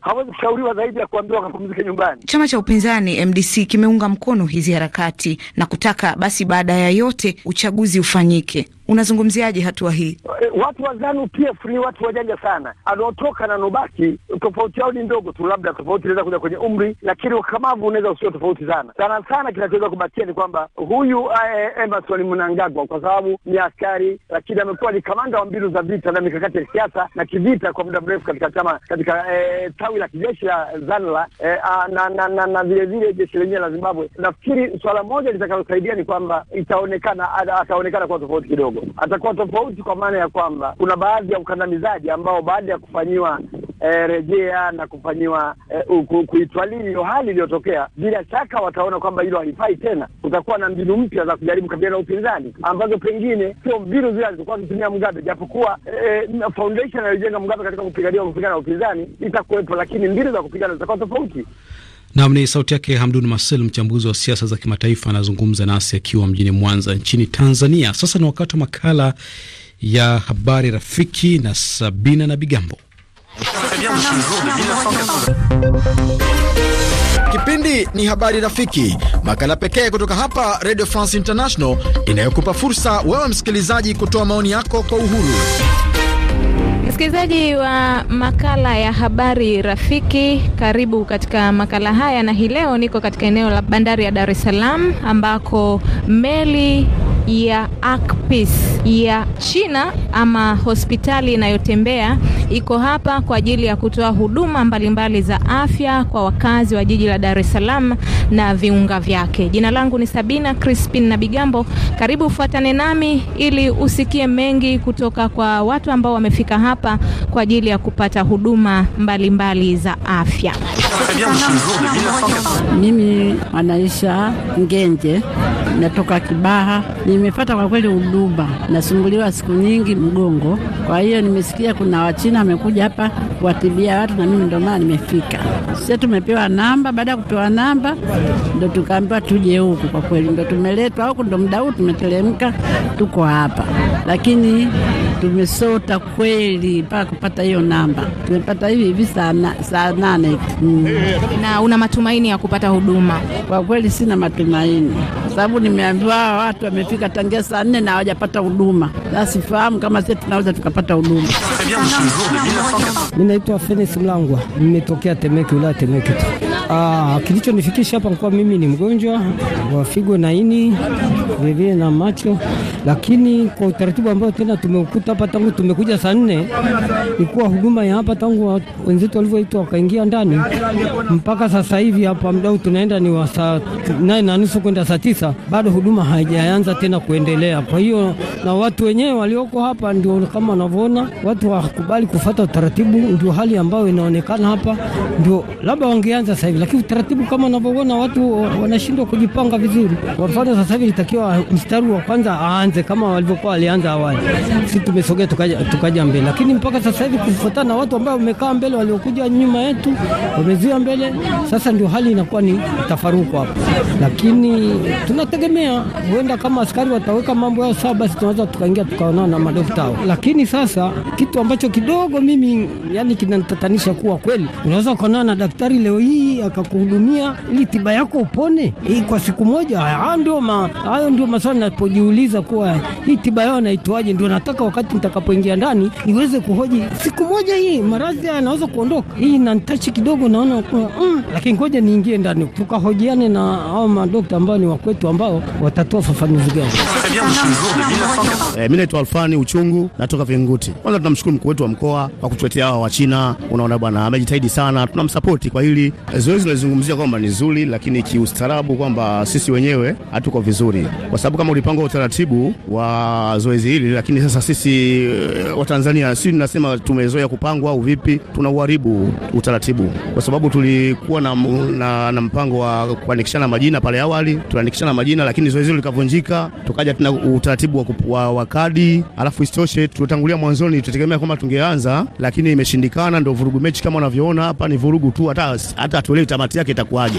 hawezi kushauriwa zaidi ya kuambiwa akapumzike nyumbani. Chama cha upinzani MDC kimeunga mkono hizi harakati na kutaka basi baada ya yote uchaguzi ufanyike. Unazungumziaje hatua hii? Eh, watu wa Zanu PF ni watu wajanja sana, anaotoka na nobaki, tofauti yao ni ndogo tu, labda tofauti inaweza kuja kwenye umri, lakini ukamavu unaweza usio tofauti sana sana sana. Kinachoweza kubakia ni kwamba huyu eh, Emerson Mnangagwa, kwa sababu ni askari, lakini amekuwa ni kamanda wa mbinu za vita na mikakati ya kisiasa na kivita kwa muda mrefu katika chama katika e, tawi la kijeshi la Zanla e, a, ah, na, na, na, na vile jeshi lenyewe la Zimbabwe. Nafikiri swala moja litakalosaidia ni kwamba itaonekana, ataonekana kuwa tofauti kidogo atakuwa tofauti, kwa maana ya kwamba kuna baadhi ya ukandamizaji ambao baada ya kufanyiwa E, rejea na kufanyiwa e, eh, kuitwalii hiyo hali iliyotokea, bila shaka wataona kwamba hilo halifai tena. Kutakuwa na mbinu mpya za kujaribu kabiliana na upinzani ambazo pengine sio mbinu zile alizokuwa akitumia mgabe japokuwa e, foundation aliyojenga katika kupigania kupigana na upinzani itakuwepo, lakini mbinu za kupigana zitakuwa tofauti. Nam ni sauti yake Hamdun Masel, mchambuzi wa siasa za kimataifa, anazungumza nasi akiwa mjini Mwanza nchini Tanzania. Sasa ni wakati wa makala ya habari rafiki na Sabina na Bigambo. Kipindi ni habari rafiki, makala pekee kutoka hapa Radio France International inayokupa fursa wewe msikilizaji kutoa maoni yako kwa uhuru. Msikilizaji wa makala ya habari rafiki, karibu katika makala haya, na hii leo niko katika eneo la bandari ya Dar es Salaam ambako meli ya Akpis ya China ama hospitali inayotembea iko hapa kwa ajili ya kutoa huduma mbalimbali mbali za afya kwa wakazi wa jiji la Dar es Salaam na viunga vyake. Jina langu ni Sabina Crispin na Bigambo. Karibu ufuatane nami ili usikie mengi kutoka kwa watu ambao wamefika hapa kwa ajili ya kupata huduma mbalimbali mbali za afya. Mimi Anaisha Ngenje natoka Kibaha nimepata kwa kweli uduba, nasumbuliwa siku nyingi mgongo. Kwa hiyo nimesikia kuna Wachina wamekuja hapa kuwatibia watu, na mimi ndio maana nimefika. Sisi tumepewa namba, baada ya kupewa namba ndo tukaambiwa tuje huku. Kwa kweli ndo tumeletwa huku, ndo muda huu tumeteremka, tuko hapa, lakini tumesota kweli mpaka kupata hiyo namba. Tumepata hivi hivi saa saa nane. Mm. Na una matumaini ya kupata huduma? Kwa kweli sina matumaini, sababu nimeambiwa watu wamefika wamelalamika tangia saa nne na hawajapata huduma. Sasa sifahamu kama sisi tunaweza tukapata huduma. mi naitwa Fenis Mlangwa, nimetokea Temeke, wilaya Temeke tu. Ah, kilichonifikisha hapa kwa mimi ni mgonjwa wa figo na ini vilevile na macho lakini kwa utaratibu ambao tena tumekuta hapa tangu tumekuja saa nne ikuwa huduma ya hapa tangu wenzetu walivyoitwa wakaingia ndani mpaka sasa hivi hapa mdau tunaenda ni wa saa nane na nusu kwenda saa tisa bado huduma haijaanza tena kuendelea. Kwa hiyo na watu wenyewe walioko hapa ndio kama wanavyoona, watu wakubali kufata utaratibu, ndio hali ambayo inaonekana hapa, ndio labda wangeanza sasa hivi, lakini utaratibu kama wanavyoona watu wanashindwa kujipanga vizuri. Kwa mfano sasa hivi ilitakiwa mstari wa kwanza aani waanze kama walivyokuwa walianza awali. Sisi tumesogea tukaja, tukaja mbele, lakini mpaka sasa hivi kufuatana na watu ambao wamekaa mbele waliokuja nyuma yetu wamezuia mbele, sasa ndio hali inakuwa ni tafaruku hapa, lakini tunategemea huenda kama askari wataweka mambo yao sawa, basi tunaweza tukaingia tukaonana na madokta hao. Lakini sasa kitu ambacho kidogo mimi yani kinanitatanisha kuwa kweli unaweza ukaonana na daktari leo hii akakuhudumia ili tiba yako upone hii kwa siku moja. ndio ma, Hayo ndio maswali napojiuliza kuwa kuwa hii tiba yao naitwaje, ndio nataka wakati nitakapoingia ndani niweze kuhoji siku moja, hii maradhi yanaweza kuondoka. Hii nantachi kidogo, naona mm, lakini ngoja niingie ndani tukahojiane na hao madokta ambao ni wakwetu ambao watatoa fafanuzi gani. Eh, mimi naitwa Alfani Uchungu, natoka Vinguti. Kwanza tunamshukuru mkuu wetu wa mkoa kwa kutuletea hawa wa China. Unaona bwana, amejitahidi sana, Tunamsupport kwa hili zoezi. Nalizungumzia kwamba ni zuri, lakini kiustarabu kwamba sisi wenyewe hatuko vizuri, kwa sababu kama ulipanga utaratibu wa zoezi hili, lakini sasa sisi eh, Watanzania si tunasema tumezoea kupangwa au vipi, tunauharibu utaratibu kwa sababu tulikuwa na, na, na mpango wa kuandikishana majina pale awali, tuliandikishana majina, lakini zoezi hilo likavunjika, tukaja tuna utaratibu wa, wa kadi. Alafu isitoshe tutangulia mwanzoni, tutegemea kwamba tungeanza, lakini imeshindikana. Ndio vurugu mechi kama unavyoona hapa, ni vurugu tu, hata hata hatuelewi tamati yake itakuwaje.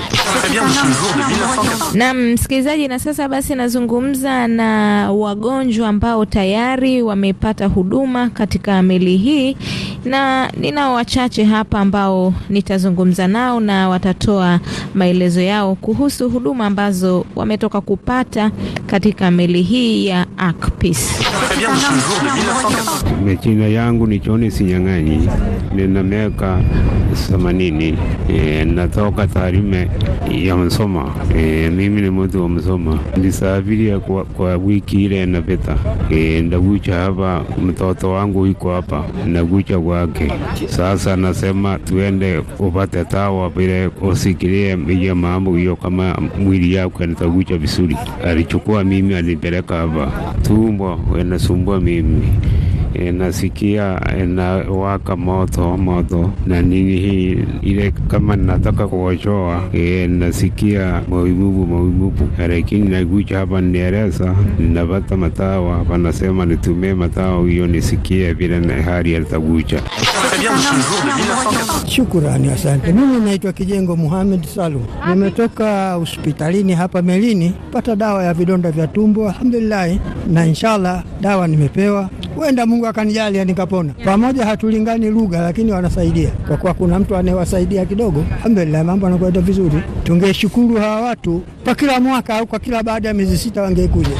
Na msikilizaji, na sasa basi nazungumza na wagonjwa ambao tayari wamepata huduma katika meli hii, na ninao wachache hapa ambao nitazungumza nao na watatoa maelezo yao kuhusu huduma ambazo wametoka kupata katika meli hii ya Akpis. Majina yangu ni John Sinyang'anyi, nina miaka 80. E, natoka Tarime ya Msoma. E, mimi ni mtu wa Msoma, nilisafiri kwa, kwa wiki vile inapita. E, ndagucha hapa, mtoto wangu yuko hapa, ndagucha kwake. Sasa nasema tuende upate tawa vile usikilie ije mambo hiyo, kama mwili yako anatagucha vizuri. Alichukua mimi alipeleka hapa, tumbo anasumbua mimi inasikia eh, inawaka eh, moto moto na nini hii ile kama nataka kuochoa inasikia eh, maumivu maumivu, lakini nakuja hapa nieleza, ninapata matawa, panasema nitumie matawa hiyo nisikie vile na hali yatakuja. Shukurani, asante. Mimi naitwa Kijengo Muhamed Salum, nimetoka hospitalini hapa Melini pata dawa ya vidonda vya tumbo, alhamdulilahi, na inshallah dawa nimepewa, wenda Mungu Mungu akanijalia nikapona. Pamoja hatulingani lugha, lakini wanasaidia kwa kuwa kuna mtu anayewasaidia kidogo. Alhamdulillah, mambo yanakwenda vizuri. Tungeshukuru hawa watu kwa kila mwaka au kwa kila baada ya miezi sita wangekuja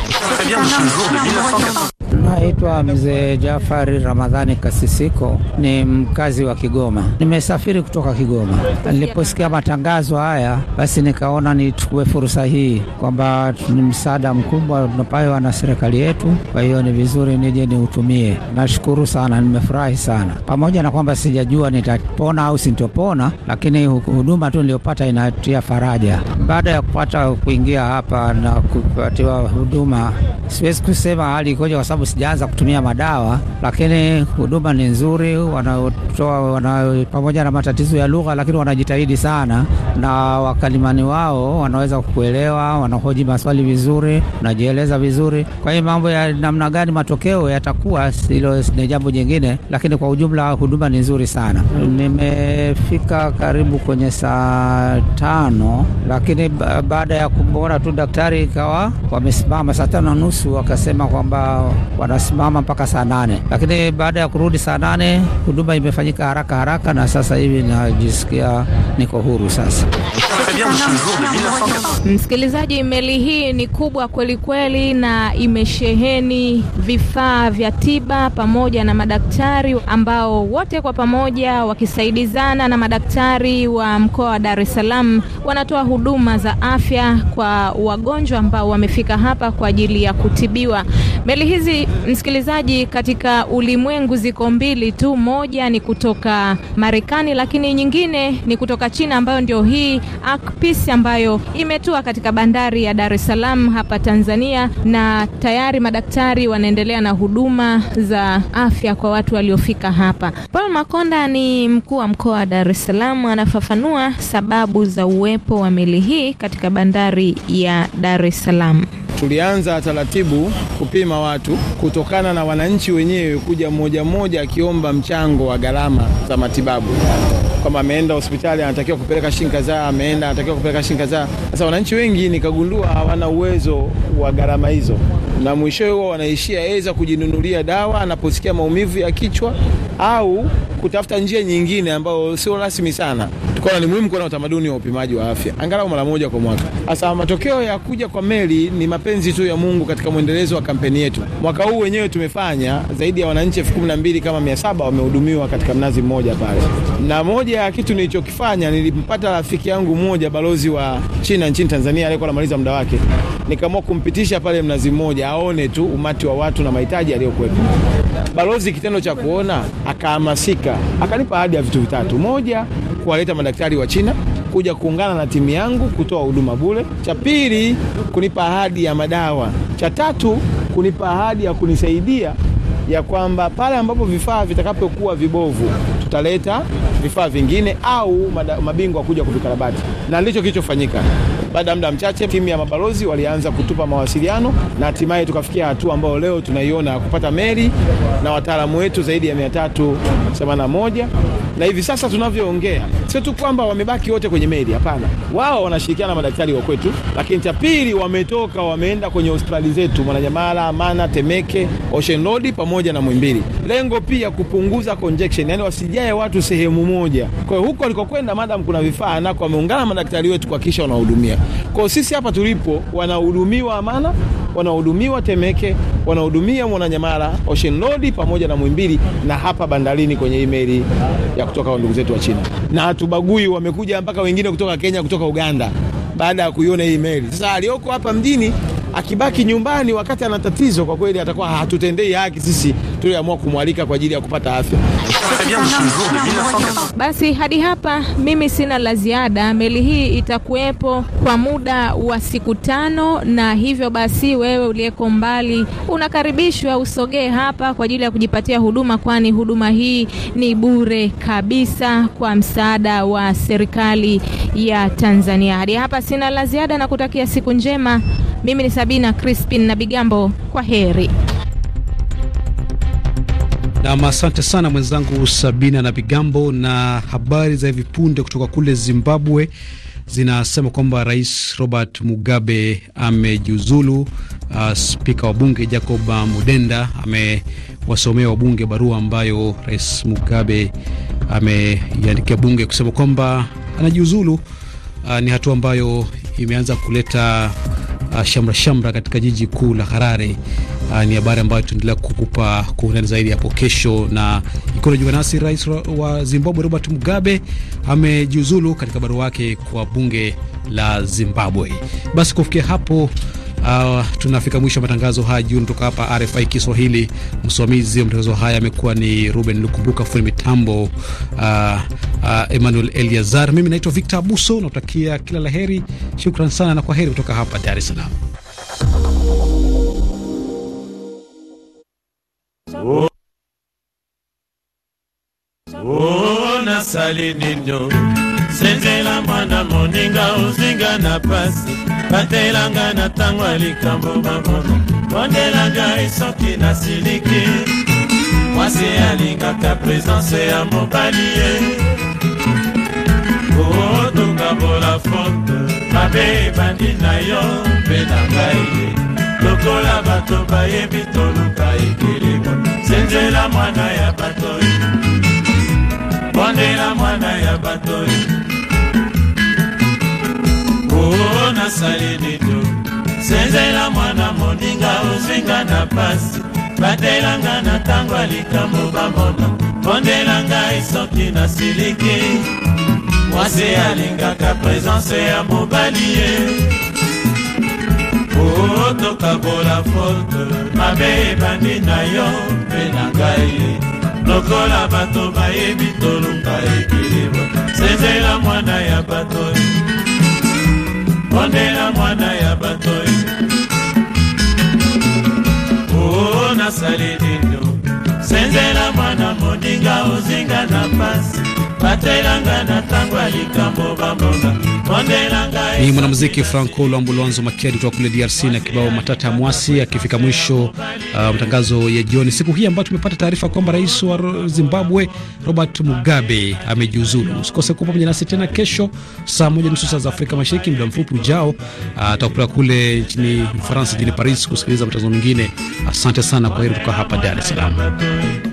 Naitwa mzee Jafari Ramadhani Kasisiko, ni mkazi wa Kigoma. Nimesafiri kutoka Kigoma. Niliposikia matangazo haya, basi nikaona nichukue fursa hii kwamba ni msaada mkubwa tunapewa na serikali yetu, kwa hiyo ni vizuri nije niutumie. Nashukuru sana, nimefurahi sana, pamoja na kwamba sijajua nitapona au sintopona, lakini huduma tu niliyopata inatia faraja. Baada ya kupata kuingia hapa na kupatiwa huduma, siwezi kusema hali ikoje kwa sababu hawajaanza kutumia madawa, lakini huduma ni nzuri wanaotoa wana, pamoja na matatizo ya lugha, lakini wanajitahidi sana, na wakalimani wao wanaweza kukuelewa, wanahoji maswali vizuri, wanajieleza vizuri. Kwa hiyo mambo ya namna gani matokeo yatakuwa, hilo ni jambo jingine, lakini kwa ujumla huduma ni nzuri sana. Nimefika karibu kwenye saa tano, lakini baada ya kumwona tu daktari ikawa wamesimama saa tano na nusu wakasema kwamba wanasimama mpaka saa nane, lakini baada ya kurudi saa nane huduma imefanyika haraka haraka, na sasa hivi najisikia niko huru sasa. Msikilizaji, meli hii ni kubwa kweli kweli, na imesheheni vifaa vya tiba pamoja na madaktari ambao wote kwa pamoja wakisaidizana na madaktari wa mkoa wa Dar es Salaam wanatoa huduma za afya kwa wagonjwa ambao wamefika hapa kwa ajili ya kutibiwa. Meli hizi Msikilizaji, katika ulimwengu ziko mbili tu, moja ni kutoka Marekani, lakini nyingine ni kutoka China, ambayo ndio hii Akpis ambayo imetua katika bandari ya Dar es Salaam hapa Tanzania, na tayari madaktari wanaendelea na huduma za afya kwa watu waliofika hapa. Paul Makonda ni mkuu wa mkoa wa Dar es Salaam, anafafanua sababu za uwepo wa meli hii katika bandari ya Dar es Salaam. Tulianza taratibu kupima watu, kutokana na wananchi wenyewe kuja mmoja mmoja akiomba mchango wa gharama za matibabu, kwamba ameenda hospitali anatakiwa kupeleka shilingi kadhaa, ameenda anatakiwa kupeleka shilingi kadhaa. Sasa wananchi wengi nikagundua hawana uwezo wa gharama hizo, na mwishowe huwa wanaishia eza kujinunulia dawa anaposikia maumivu ya kichwa au kutafuta njia nyingine ambayo sio rasmi sana. Tukaona ni muhimu kuwa na utamaduni wa upimaji wa afya angalau mara moja kwa mwaka. Hasa matokeo ya kuja kwa meli ni mapenzi tu ya Mungu katika mwendelezo wa kampeni yetu. Mwaka huu wenyewe tumefanya zaidi ya wananchi elfu kumi na mbili kama mia saba wamehudumiwa katika mnazi mmoja pale, na moja ya kitu nilichokifanya nilimpata rafiki yangu mmoja, balozi wa China nchini Tanzania aliyekuwa anamaliza muda wake, nikaamua kumpitisha pale mnazi mmoja aone tu umati wa watu na mahitaji aliyokuwepo balozi kitendo cha kuona akahamasika, akanipa ahadi ya vitu vitatu. Moja, kuwaleta madaktari wa China kuja kuungana na timu yangu kutoa huduma bure. Cha pili, kunipa ahadi ya madawa. Cha tatu, kunipa ahadi ya kunisaidia ya kwamba pale ambapo vifaa vitakapokuwa vibovu tutaleta vifaa vingine au mabingwa kuja kuvikarabati, na ndicho kilichofanyika. Baada ya muda mchache, timu ya mabalozi walianza kutupa mawasiliano na hatimaye tukafikia hatua ambayo leo tunaiona kupata meli na wataalamu wetu zaidi ya 381 na hivi sasa tunavyoongea, sio tu kwamba wamebaki wote kwenye meli, hapana, wao wanashirikiana na madaktari wa kwetu, lakini cha pili, wametoka wameenda kwenye hospitali zetu Mwananyamala, Amana, Temeke, Ocean Road pamoja na Mwimbili, lengo pia kupunguza congestion, yani wasijae watu sehemu moja. Kwa hiyo huko walikokwenda, madam, kuna vifaa nako wameungana madaktari wetu kuhakikisha wanahudumia. Kwa sisi hapa tulipo, wanahudumiwa Amana, wanahudumiwa Temeke, wanahudumia Mwananyamala, Ocean Road pamoja na Muhimbili na hapa bandarini kwenye email ya kutoka ndugu zetu wa China, na hatubagui, wamekuja mpaka wengine kutoka Kenya, kutoka Uganda baada ya kuiona hii meli. Sasa alioko hapa mjini akibaki nyumbani wakati ana tatizo, kwa kweli atakuwa hatutendei haki sisi tulioamua kumwalika kwa ajili ya kupata afya. Basi hadi hapa mimi sina la ziada. Meli hii itakuwepo kwa muda wa siku tano, na hivyo basi wewe uliyeko mbali unakaribishwa usogee hapa kwa ajili ya kujipatia huduma, kwani huduma hii ni bure kabisa kwa msaada wa serikali ya Tanzania. Hadi hapa sina la ziada na kutakia siku njema. Mimi ni Sabina Crispin na Bigambo, kwa heri. Nam, asante sana mwenzangu Sabina na Bigambo. Na habari za hivi punde kutoka kule Zimbabwe zinasema kwamba Rais Robert Mugabe amejiuzulu. Uh, spika wa bunge Jacob Mudenda amewasomea wabunge barua ambayo Rais Mugabe ameiandikia bunge kusema kwamba anajiuzulu. Uh, ni hatua ambayo imeanza kuleta uh, shamra shamra katika jiji kuu la Harare. Uh, ni habari ambayo tunaendelea kukupa kwa zaidi hapo kesho, na ikiwa unajiunga nasi, rais wa Zimbabwe Robert Mugabe amejiuzulu katika barua yake kwa bunge la Zimbabwe. Basi kufikia hapo Uh, tunafika mwisho wa matangazo haya jioni kutoka hapa RFI Kiswahili. Msimamizi wa matangazo haya amekuwa ni Ruben Lukumbuka, fundi mitambo uh, uh, Emmanuel Eliazar. Mimi naitwa Victor Abuso, nautakia kila laheri. Shukran sana na kwa heri kutoka hapa Dar es Salaam. Oh. Oh, senzela mwana moninga ozinga na pasi batelanga na ntango ya likambo bamona mondela ngai soki nasiliki mwasi alingaka presence ya mobali ye kootungabola foto mabe ebandi na yo mpe na ngai ye lokola bato bayebi toluka ekelema senzela mwana ya batoi bondela mwana ya batoi nasali lido senzela mwana moninga ozinga na pasi batelanga na ntango ya likambo bamona pondelanga esoki na siliki mwasi alingaka presence ya mobali ye otokabola oh, fote mabe ebandi na yo mpe na ngai lokola bato bayebi tolunga ekilibo senzela mwana ya bato pondela mwana ya bato oo nasali dindo senzela mwana moninga ozinga na pasi ni mwanamuziki Franco Luambo Luanzo Makedi kutoka kule DRC na kibao Matata ya Mwasi, akifika mwisho uh, matangazo ya jioni siku hii ambayo tumepata taarifa kwamba rais wa Zimbabwe Robert Mugabe amejiuzulu. Usikose kuwa pamoja nasi tena kesho saa moja nusu saa za Afrika Mashariki. Muda mfupi ujao uh, tutakupeleka kule nchini Ufaransa, jijini Paris, kusikiliza matangazo mengine. Asante sana, kwa heri kutoka hapa Dar es Salaam.